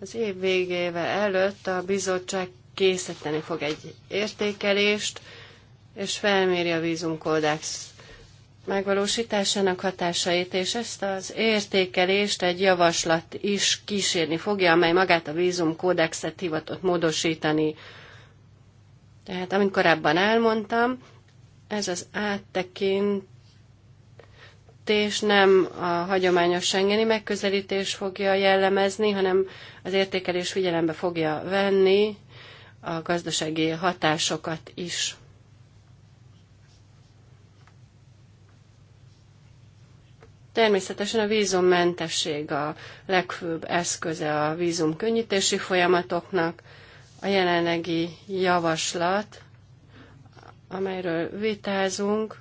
Az év végéve előtt a bizottság készíteni fog egy értékelést, és felméri a vízumkódex megvalósításának hatásait, és ezt az értékelést egy javaslat is kísérni fogja, amely magát a vízumkódexet hivatott módosítani. Tehát, amit korábban elmondtam, ez az áttekintés nem a hagyományos sengeni megközelítés fogja jellemezni, hanem az értékelés figyelembe fogja venni a gazdasági hatásokat is. Természetesen a vízummentesség a legfőbb eszköze a vízum folyamatoknak. A jelenlegi javaslat amelyről vitázunk,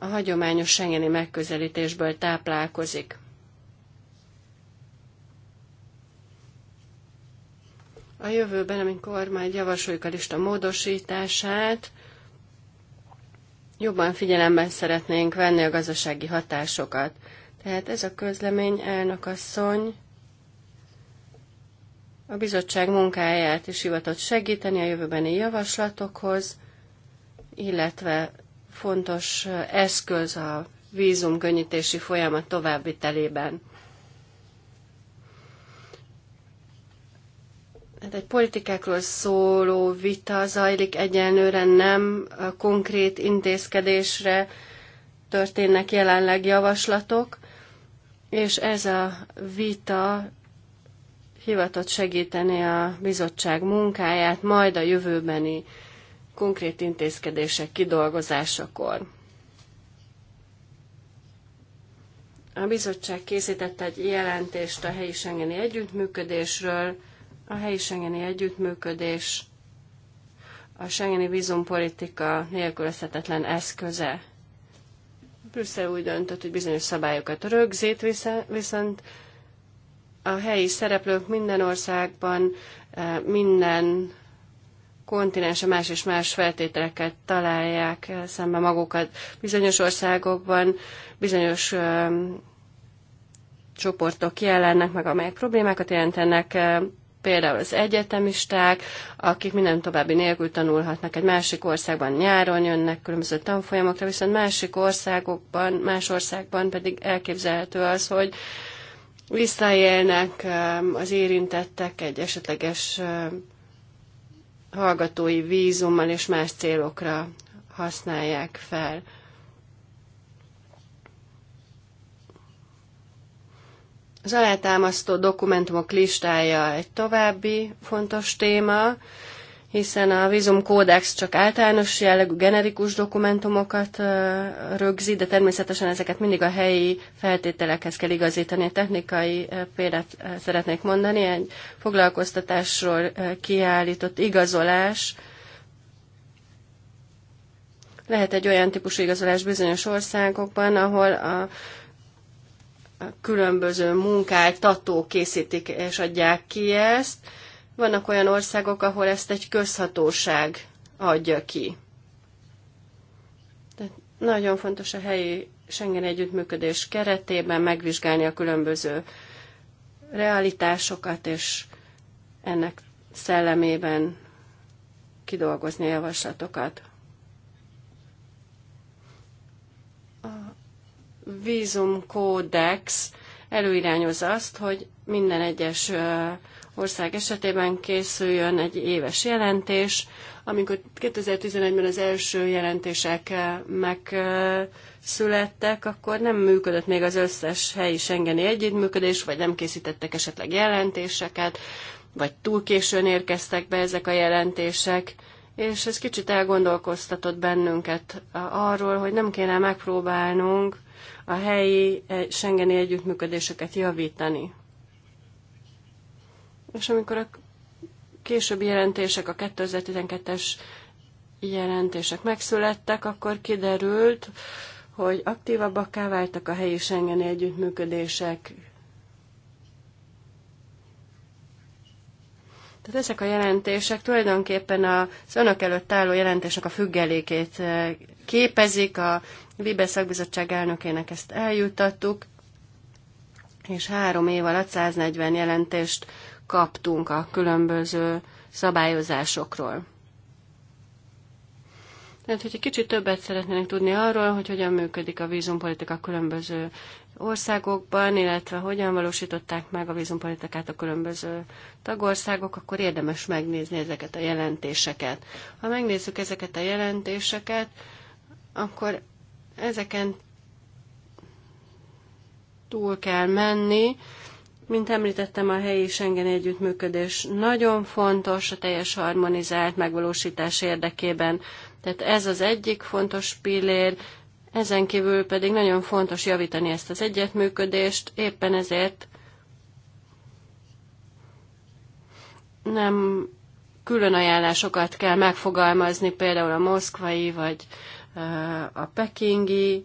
a hagyományos Schengeni megközelítésből táplálkozik. A jövőben, amikor majd javasoljuk a lista módosítását, jobban figyelemben szeretnénk venni a gazdasági hatásokat. Tehát ez a közlemény, asszony, a bizottság munkáját is hivatott segíteni a jövőbeni javaslatokhoz, illetve fontos eszköz a vízumkönnyítési folyamat további telében. Hát egy politikákról szóló vita zajlik egyenlőre, nem konkrét intézkedésre történnek jelenleg javaslatok, és ez a vita hivatott segíteni a bizottság munkáját, majd a jövőbeni konkrét intézkedések kidolgozásakor. A bizottság készített egy jelentést a helyi Schengeni együttműködésről. A helyi Schengeni együttműködés a Schengeni vízumpolitika nélkülözhetetlen eszköze. Brüsszel úgy döntött, hogy bizonyos szabályokat rögzít, viszont a helyi szereplők minden országban, eh, minden kontinens más és más feltételeket találják eh, szembe magukat. Bizonyos országokban bizonyos eh, csoportok jelennek meg, amelyek problémákat jelentenek, például az egyetemisták, akik minden további nélkül tanulhatnak egy másik országban nyáron, jönnek különböző tanfolyamokra, viszont másik országokban, más országban pedig elképzelhető az, hogy visszaélnek az érintettek egy esetleges hallgatói vízummal és más célokra használják fel. Az alátámasztó dokumentumok listája egy további fontos téma hiszen a vízumkódex csak általános jellegű generikus dokumentumokat rögzít, de természetesen ezeket mindig a helyi feltételekhez kell igazítani. A technikai példát szeretnék mondani, egy foglalkoztatásról kiállított igazolás, lehet egy olyan típusú igazolás bizonyos országokban, ahol a különböző munkáltatók készítik és adják ki ezt, vannak olyan országok, ahol ezt egy közhatóság adja ki. Tehát nagyon fontos a helyi Schengen együttműködés keretében megvizsgálni a különböző realitásokat, és ennek szellemében kidolgozni a javaslatokat. A vízumkódex előirányoz azt, hogy minden egyes ország esetében készüljön egy éves jelentés. Amikor 2011-ben az első jelentések eh, megszülettek, eh, akkor nem működött még az összes helyi Schengeni együttműködés, vagy nem készítettek esetleg jelentéseket, vagy túl későn érkeztek be ezek a jelentések, és ez kicsit elgondolkoztatott bennünket arról, hogy nem kéne megpróbálnunk a helyi eh, Schengeni együttműködéseket javítani és amikor a későbbi jelentések, a 2012-es jelentések megszülettek, akkor kiderült, hogy aktívabbakká váltak a helyi Schengeni együttműködések. Tehát ezek a jelentések tulajdonképpen a önök előtt álló jelentések a függelékét eh, képezik, a Libe szakbizottság elnökének ezt eljutattuk, és három év alatt 140 jelentést kaptunk a különböző szabályozásokról. Tehát, hogyha kicsit többet szeretnének tudni arról, hogy hogyan működik a vízumpolitika különböző országokban, illetve hogyan valósították meg a vízumpolitikát a különböző tagországok, akkor érdemes megnézni ezeket a jelentéseket. Ha megnézzük ezeket a jelentéseket, akkor ezeken túl kell menni, mint említettem, a helyi Schengen együttműködés nagyon fontos a teljes harmonizált megvalósítás érdekében. Tehát ez az egyik fontos pillér, ezen kívül pedig nagyon fontos javítani ezt az egyetműködést, éppen ezért nem külön ajánlásokat kell megfogalmazni, például a moszkvai vagy a pekingi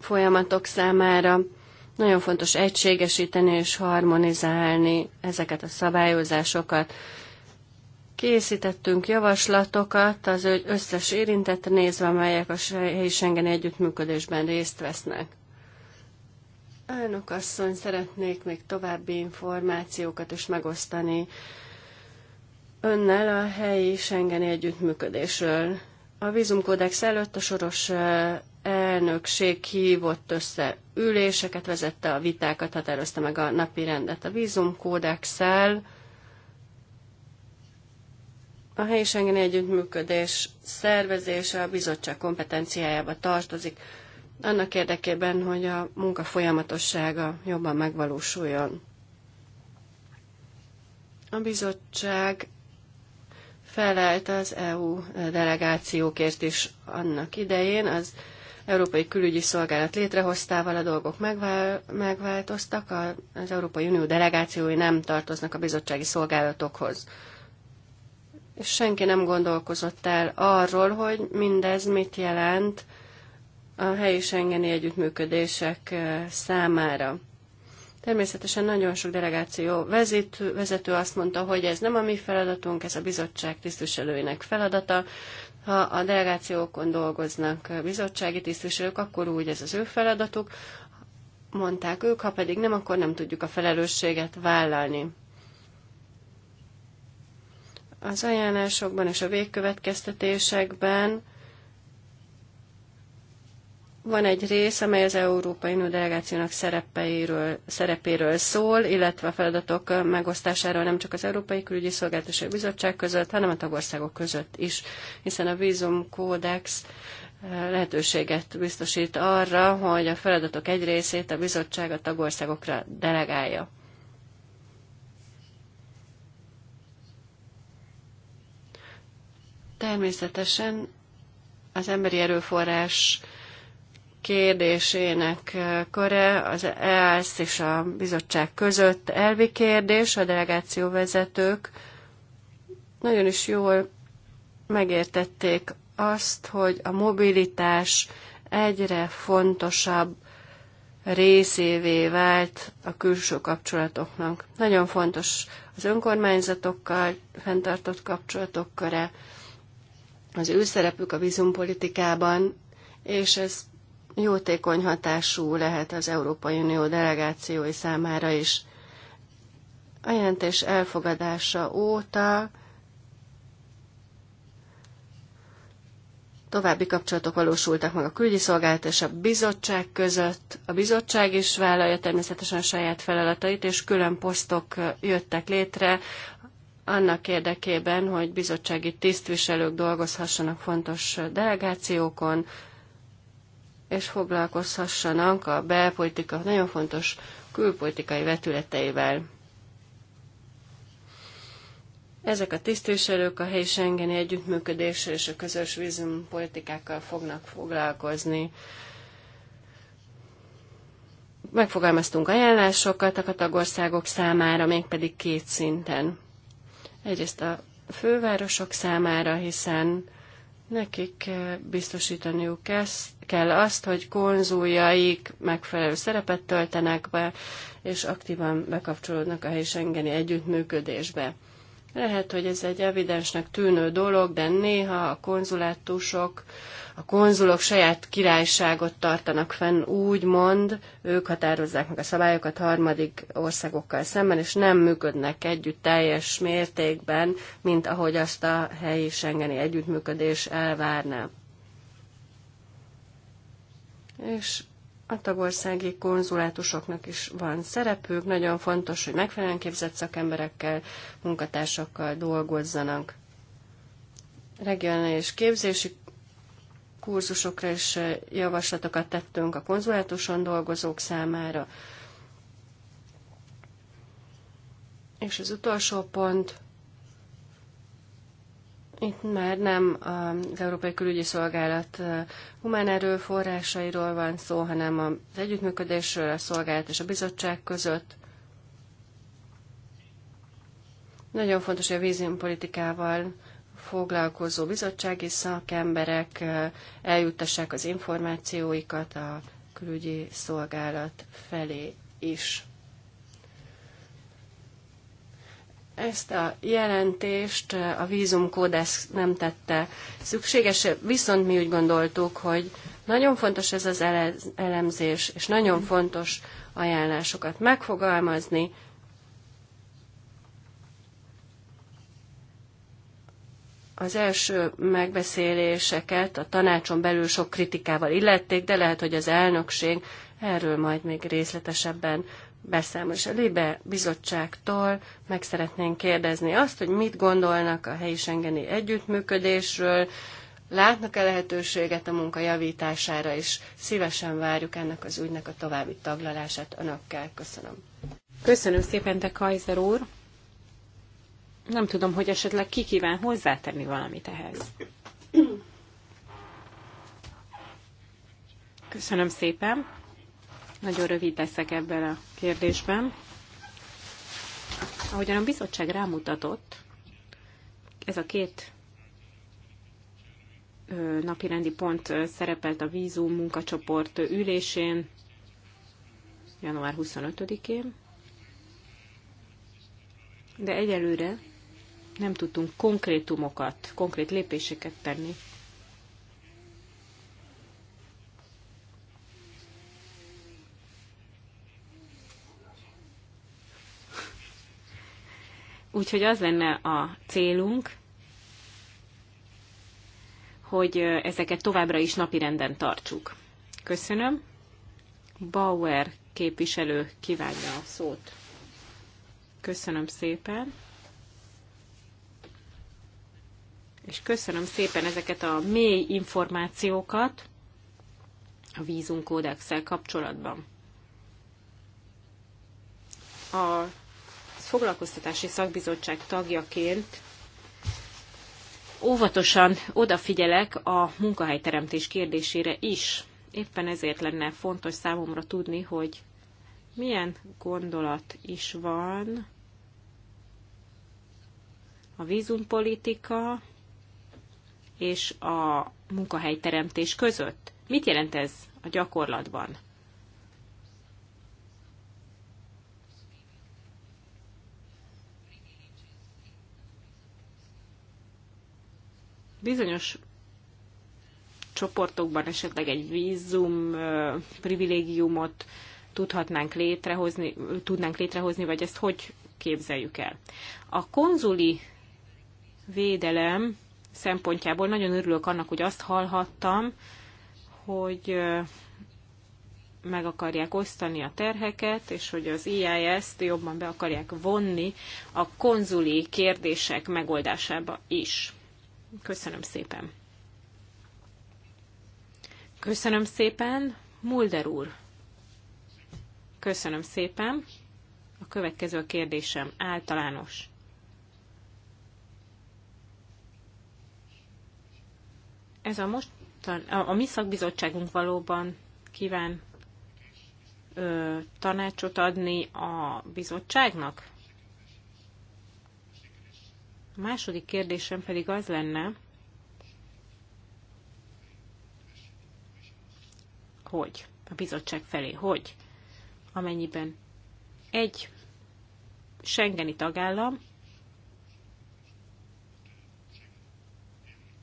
folyamatok számára. Nagyon fontos egységesíteni és harmonizálni ezeket a szabályozásokat. Készítettünk javaslatokat az összes érintett nézve, amelyek a helyi Schengeni együttműködésben részt vesznek. Elnök asszony, szeretnék még további információkat is megosztani önnel a helyi Schengeni együttműködésről. A vízumkódex előtt a soros elnökség hívott össze üléseket, vezette a vitákat, határozta meg a napi rendet a vízumkódexel. A helyi Együttműködés szervezése a bizottság kompetenciájába tartozik, annak érdekében, hogy a munka folyamatossága jobban megvalósuljon. A bizottság felelt az EU delegációkért is annak idején, az Európai Külügyi Szolgálat létrehoztával a dolgok megvál, megváltoztak, a, az Európai Unió delegációi nem tartoznak a bizottsági szolgálatokhoz. És senki nem gondolkozott el arról, hogy mindez mit jelent a helyi Schengeni együttműködések számára. Természetesen nagyon sok delegáció vezető, vezető azt mondta, hogy ez nem a mi feladatunk, ez a bizottság tisztviselőinek feladata. Ha a delegációkon dolgoznak bizottsági tisztviselők, akkor úgy ez az ő feladatuk, mondták ők, ha pedig nem, akkor nem tudjuk a felelősséget vállalni. Az ajánlásokban és a végkövetkeztetésekben van egy rész, amely az Európai Unió delegációnak szerepeiről, szerepéről szól, illetve a feladatok megosztásáról nem csak az Európai Külügyi Szolgáltatási Bizottság között, hanem a tagországok között is, hiszen a vízumkódex eh, lehetőséget biztosít arra, hogy a feladatok egy részét a bizottság a tagországokra delegálja. Természetesen az emberi erőforrás kérdésének eh, köre az EASZ és a bizottság között elvi kérdés, a delegáció vezetők nagyon is jól megértették azt, hogy a mobilitás egyre fontosabb részévé vált a külső kapcsolatoknak. Nagyon fontos az önkormányzatokkal fenntartott kapcsolatok köre, az ő szerepük a vízumpolitikában, és ez jótékony hatású lehet az Európai Unió delegációi számára is. A jelentés elfogadása óta További kapcsolatok valósultak meg a külügyi szolgálat és a bizottság között. A bizottság is vállalja természetesen a saját feladatait, és külön posztok jöttek létre annak érdekében, hogy bizottsági tisztviselők dolgozhassanak fontos delegációkon, és foglalkozhassanak a belpolitika nagyon fontos külpolitikai vetületeivel. Ezek a tisztviselők a helyi Schengeni együttműködésre és a közös vízumpolitikákkal fognak foglalkozni. Megfogalmaztunk ajánlásokat a tagországok számára, mégpedig két szinten. Egyrészt a fővárosok számára, hiszen Nekik biztosítaniuk kell azt, hogy konzuljaik megfelelő szerepet töltenek be, és aktívan bekapcsolódnak a helyi Schengeni együttműködésbe. Lehet, hogy ez egy evidensnek tűnő dolog, de néha a konzulátusok a konzulok saját királyságot tartanak fenn, úgy mond, ők határozzák meg a szabályokat harmadik országokkal szemben, és nem működnek együtt teljes mértékben, mint ahogy azt a helyi Schengeni együttműködés elvárná. És a tagországi konzulátusoknak is van szerepük, nagyon fontos, hogy megfelelően képzett szakemberekkel, munkatársakkal dolgozzanak. Regionális képzési kurzusokra is javaslatokat tettünk a konzulátuson dolgozók számára. És az utolsó pont, itt már nem az Európai Külügyi Szolgálat humán erőforrásairól van szó, hanem az együttműködésről a szolgálat és a bizottság között. Nagyon fontos, hogy a vízimpolitikával politikával foglalkozó bizottsági szakemberek eljuttassák az információikat a külügyi szolgálat felé is. Ezt a jelentést a vízumkódex nem tette szükséges, viszont mi úgy gondoltuk, hogy nagyon fontos ez az elemzés, és nagyon fontos ajánlásokat megfogalmazni, Az első megbeszéléseket a tanácson belül sok kritikával illették, de lehet, hogy az elnökség erről majd még részletesebben beszámol. És a Libe bizottságtól meg szeretnénk kérdezni azt, hogy mit gondolnak a helyi Schengeni együttműködésről, látnak-e lehetőséget a munka javítására, és szívesen várjuk ennek az ügynek a további taglalását önökkel. Köszönöm. Köszönöm szépen, de Kaiser úr. Nem tudom, hogy esetleg ki kíván hozzátenni valamit ehhez. Köszönöm szépen. Nagyon rövid leszek ebben a kérdésben. Ahogyan a bizottság rámutatott, ez a két napirendi pont szerepelt a vízum munkacsoport ülésén január 25-én, de egyelőre nem tudtunk konkrétumokat, konkrét lépéseket tenni. Úgyhogy az lenne a célunk, hogy ezeket továbbra is napirenden tartsuk. Köszönöm. Bauer képviselő kívánja a szót. Köszönöm szépen. és köszönöm szépen ezeket a mély információkat a vízunkódexel kapcsolatban. A foglalkoztatási szakbizottság tagjaként óvatosan odafigyelek a munkahelyteremtés kérdésére is. Éppen ezért lenne fontos számomra tudni, hogy milyen gondolat is van a vízumpolitika, és a munkahelyteremtés között. Mit jelent ez a gyakorlatban? Bizonyos csoportokban esetleg egy vízum privilégiumot tudhatnánk létrehozni, tudnánk létrehozni, vagy ezt hogy képzeljük el. A konzuli védelem szempontjából nagyon örülök annak, hogy azt hallhattam, hogy meg akarják osztani a terheket, és hogy az e IIS-t jobban be akarják vonni a konzuli kérdések megoldásába is. Köszönöm szépen. Köszönöm szépen, Mulder úr. Köszönöm szépen. A következő a kérdésem általános. ez a mostan, a, a mi szakbizottságunk valóban kíván ö, tanácsot adni a bizottságnak? A második kérdésem pedig az lenne, hogy a bizottság felé, hogy amennyiben egy Schengeni tagállam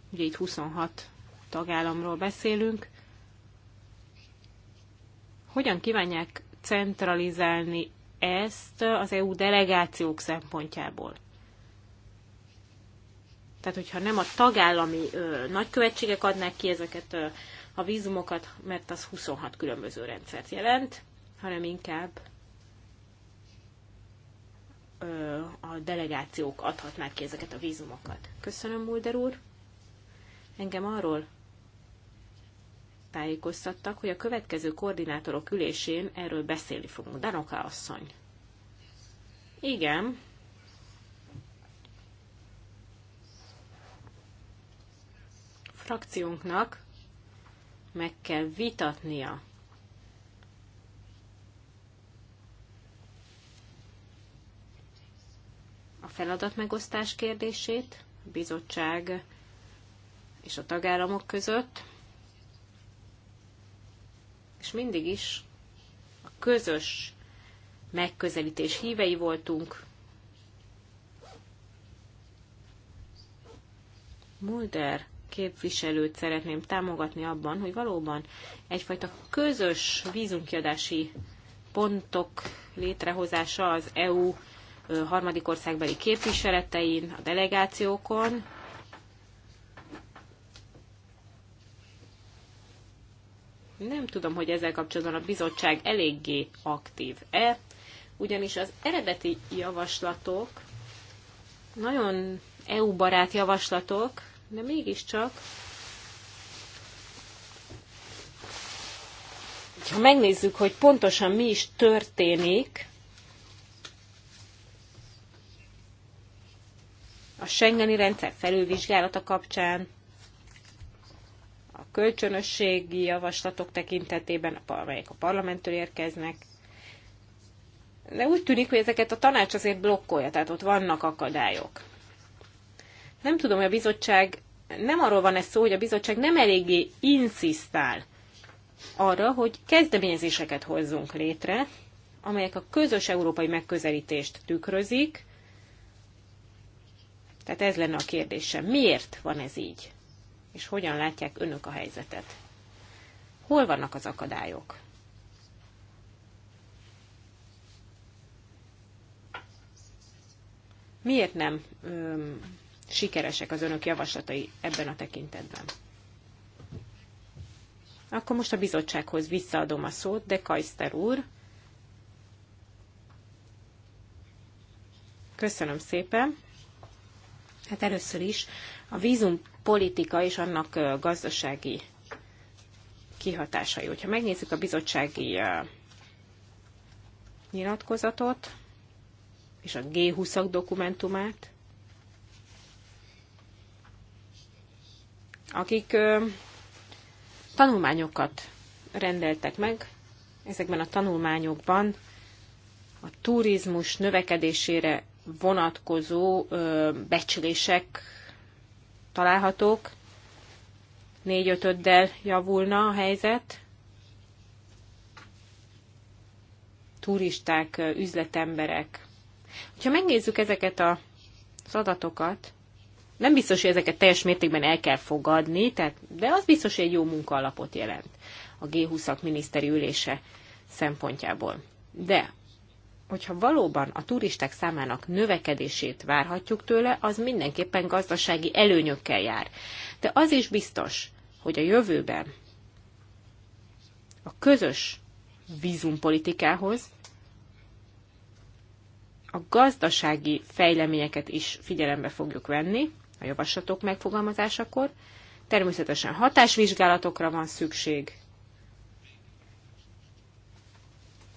Ugye itt 26 tagállamról beszélünk. Hogyan kívánják centralizálni ezt az EU delegációk szempontjából? Tehát, hogyha nem a tagállami ö, nagykövetségek adnák ki ezeket ö, a vízumokat, mert az 26 különböző rendszert jelent, hanem inkább ö, a delegációk adhatnák ki ezeket a vízumokat. Köszönöm, Mulder úr! Engem arról tájékoztattak, hogy a következő koordinátorok ülésén erről beszélni fogunk. Danoka asszony. Igen. Frakciónknak meg kell vitatnia a feladatmegosztás kérdését, a bizottság és a tagállamok között, és mindig is a közös megközelítés hívei voltunk. Mulder képviselőt szeretném támogatni abban, hogy valóban egyfajta közös vízunkiadási pontok létrehozása az EU harmadik országbeli képviseletein, a delegációkon, Nem tudom, hogy ezzel kapcsolatban a bizottság eléggé aktív-e, ugyanis az eredeti javaslatok nagyon EU-barát javaslatok, de mégiscsak ha megnézzük, hogy pontosan mi is történik a Schengeni rendszer felülvizsgálata kapcsán, kölcsönösségi javaslatok tekintetében, amelyek a parlamenttől érkeznek. De úgy tűnik, hogy ezeket a tanács azért blokkolja, tehát ott vannak akadályok. Nem tudom, hogy a bizottság, nem arról van ez szó, hogy a bizottság nem eléggé inszisztál arra, hogy kezdeményezéseket hozzunk létre, amelyek a közös európai megközelítést tükrözik. Tehát ez lenne a kérdésem. Miért van ez így? és hogyan látják önök a helyzetet? Hol vannak az akadályok? Miért nem öm, sikeresek az önök javaslatai ebben a tekintetben? Akkor most a bizottsághoz visszaadom a szót, de Kajszter úr. Köszönöm szépen. Hát először is a vízum politika és annak gazdasági kihatásai. Hogyha megnézzük a bizottsági nyilatkozatot és a G20-ak dokumentumát, akik tanulmányokat rendeltek meg, ezekben a tanulmányokban a turizmus növekedésére vonatkozó becslések találhatók. Négy-ötöddel javulna a helyzet. Turisták, üzletemberek. Ha megnézzük ezeket a, az adatokat, nem biztos, hogy ezeket teljes mértékben el kell fogadni, tehát, de az biztos, hogy egy jó munkaalapot jelent a G20-ak miniszteri ülése szempontjából. De hogyha valóban a turisták számának növekedését várhatjuk tőle, az mindenképpen gazdasági előnyökkel jár. De az is biztos, hogy a jövőben a közös vízumpolitikához a gazdasági fejleményeket is figyelembe fogjuk venni a javaslatok megfogalmazásakor. Természetesen hatásvizsgálatokra van szükség,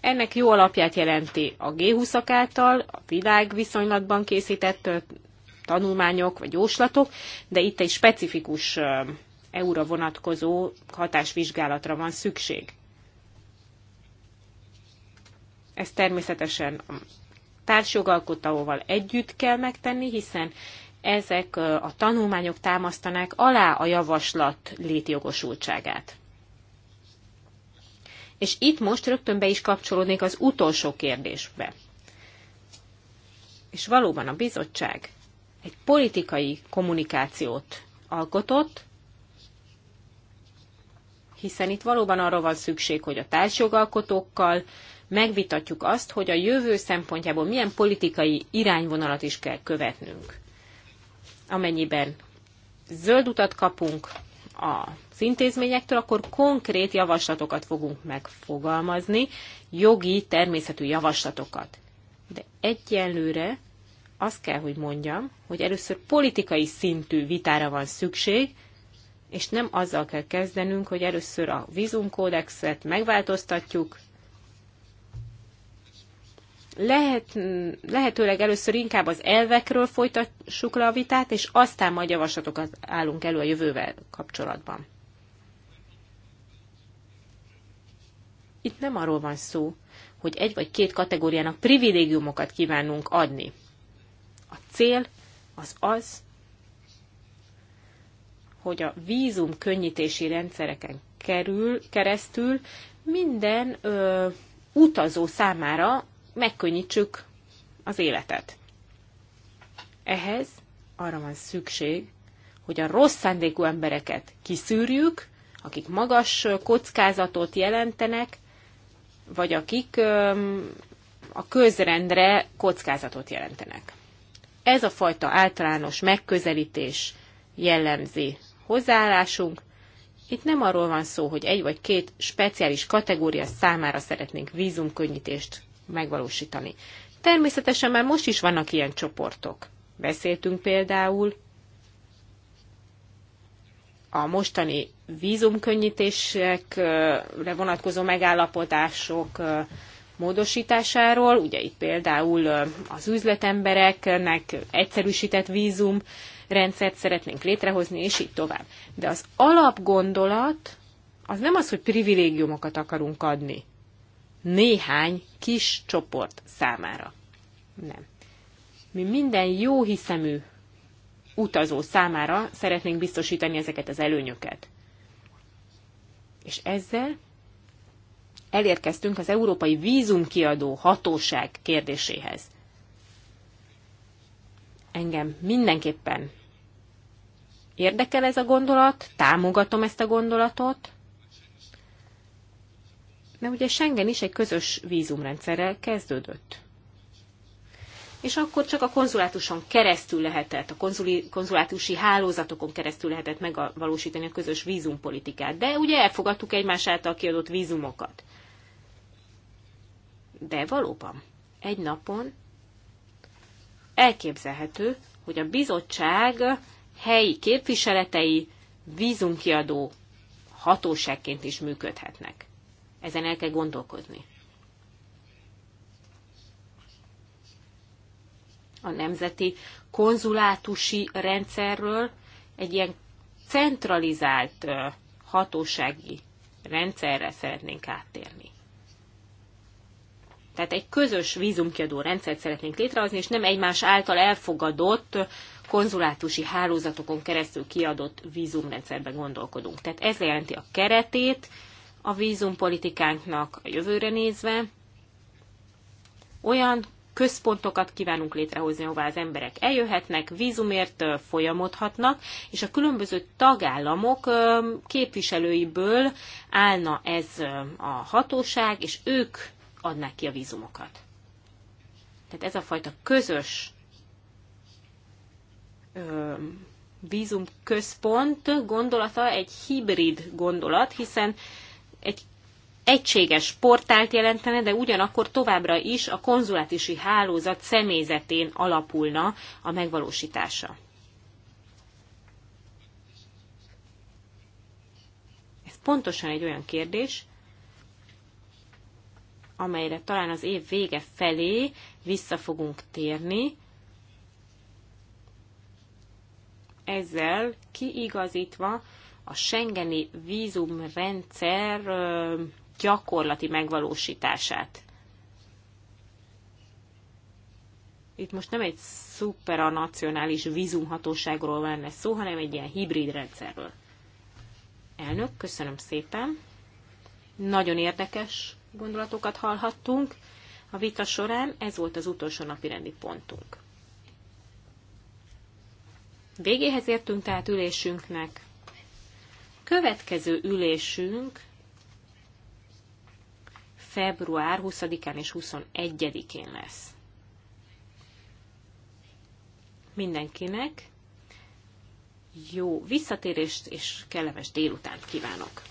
Ennek jó alapját jelenti a g 20 által, a világviszonylatban készített tanulmányok vagy jóslatok, de itt egy specifikus EU-ra vonatkozó hatásvizsgálatra van szükség. Ezt természetesen a társjogalkotóval együtt kell megtenni, hiszen ezek a tanulmányok támasztanák alá a javaslat létjogosultságát. És itt most rögtön be is kapcsolódnék az utolsó kérdésbe. És valóban a bizottság egy politikai kommunikációt alkotott, hiszen itt valóban arra van szükség, hogy a társjogalkotókkal megvitatjuk azt, hogy a jövő szempontjából milyen politikai irányvonalat is kell követnünk. Amennyiben zöld utat kapunk a az intézményektől, akkor konkrét javaslatokat fogunk megfogalmazni, jogi természetű javaslatokat. De egyelőre azt kell, hogy mondjam, hogy először politikai szintű vitára van szükség, és nem azzal kell kezdenünk, hogy először a vízumkódexet megváltoztatjuk, lehet, lehetőleg először inkább az elvekről folytassuk le a vitát, és aztán majd javaslatokat állunk elő a jövővel kapcsolatban. Itt nem arról van szó, hogy egy vagy két kategóriának privilégiumokat kívánunk adni. A cél az az, hogy a vízum könnyítési rendszereken kerül, keresztül minden ö, utazó számára megkönnyítsük az életet. Ehhez arra van szükség, hogy a rossz szándékú embereket kiszűrjük, akik magas kockázatot jelentenek, vagy akik a közrendre kockázatot jelentenek. Ez a fajta általános megközelítés jellemzi hozzáállásunk. Itt nem arról van szó, hogy egy vagy két speciális kategória számára szeretnénk vízumkönnyítést megvalósítani. Természetesen már most is vannak ilyen csoportok. Beszéltünk például a mostani vízumkönnyítésekre vonatkozó megállapodások módosításáról, ugye itt például az üzletembereknek egyszerűsített vízum rendszert szeretnénk létrehozni, és így tovább. De az alapgondolat az nem az, hogy privilégiumokat akarunk adni néhány kis csoport számára. Nem. Mi minden jó hiszemű utazó számára szeretnénk biztosítani ezeket az előnyöket. És ezzel elérkeztünk az Európai Vízumkiadó Hatóság kérdéséhez. Engem mindenképpen érdekel ez a gondolat, támogatom ezt a gondolatot, mert ugye Schengen is egy közös vízumrendszerrel kezdődött és akkor csak a konzulátuson keresztül lehetett, a konzuli, konzulátusi hálózatokon keresztül lehetett megvalósítani a közös vízumpolitikát. De ugye elfogadtuk egymás által kiadott vízumokat. De valóban, egy napon elképzelhető, hogy a bizottság helyi képviseletei vízumkiadó hatóságként is működhetnek. Ezen el kell gondolkozni. a nemzeti konzulátusi rendszerről egy ilyen centralizált hatósági rendszerre szeretnénk áttérni. Tehát egy közös vízumkiadó rendszert szeretnénk létrehozni, és nem egymás által elfogadott konzulátusi hálózatokon keresztül kiadott vízumrendszerbe gondolkodunk. Tehát ez jelenti a keretét a vízumpolitikánknak a jövőre nézve. Olyan központokat kívánunk létrehozni, ahová az emberek eljöhetnek, vízumért folyamodhatnak, és a különböző tagállamok képviselőiből állna ez a hatóság, és ők adnák ki a vízumokat. Tehát ez a fajta közös vízumközpont gondolata egy hibrid gondolat, hiszen egy egységes portált jelentene, de ugyanakkor továbbra is a konzulátusi hálózat személyzetén alapulna a megvalósítása. Ez pontosan egy olyan kérdés, amelyre talán az év vége felé vissza fogunk térni, ezzel kiigazítva a Schengeni vízumrendszer gyakorlati megvalósítását. Itt most nem egy szuperanacionális vízumhatóságról lenne szó, hanem egy ilyen hibrid rendszerről. Elnök, köszönöm szépen. Nagyon érdekes gondolatokat hallhattunk. A vita során ez volt az utolsó napi rendi pontunk. Végéhez értünk tehát ülésünknek. Következő ülésünk február 20-án és 21-én lesz. Mindenkinek jó visszatérést és kellemes délutánt kívánok!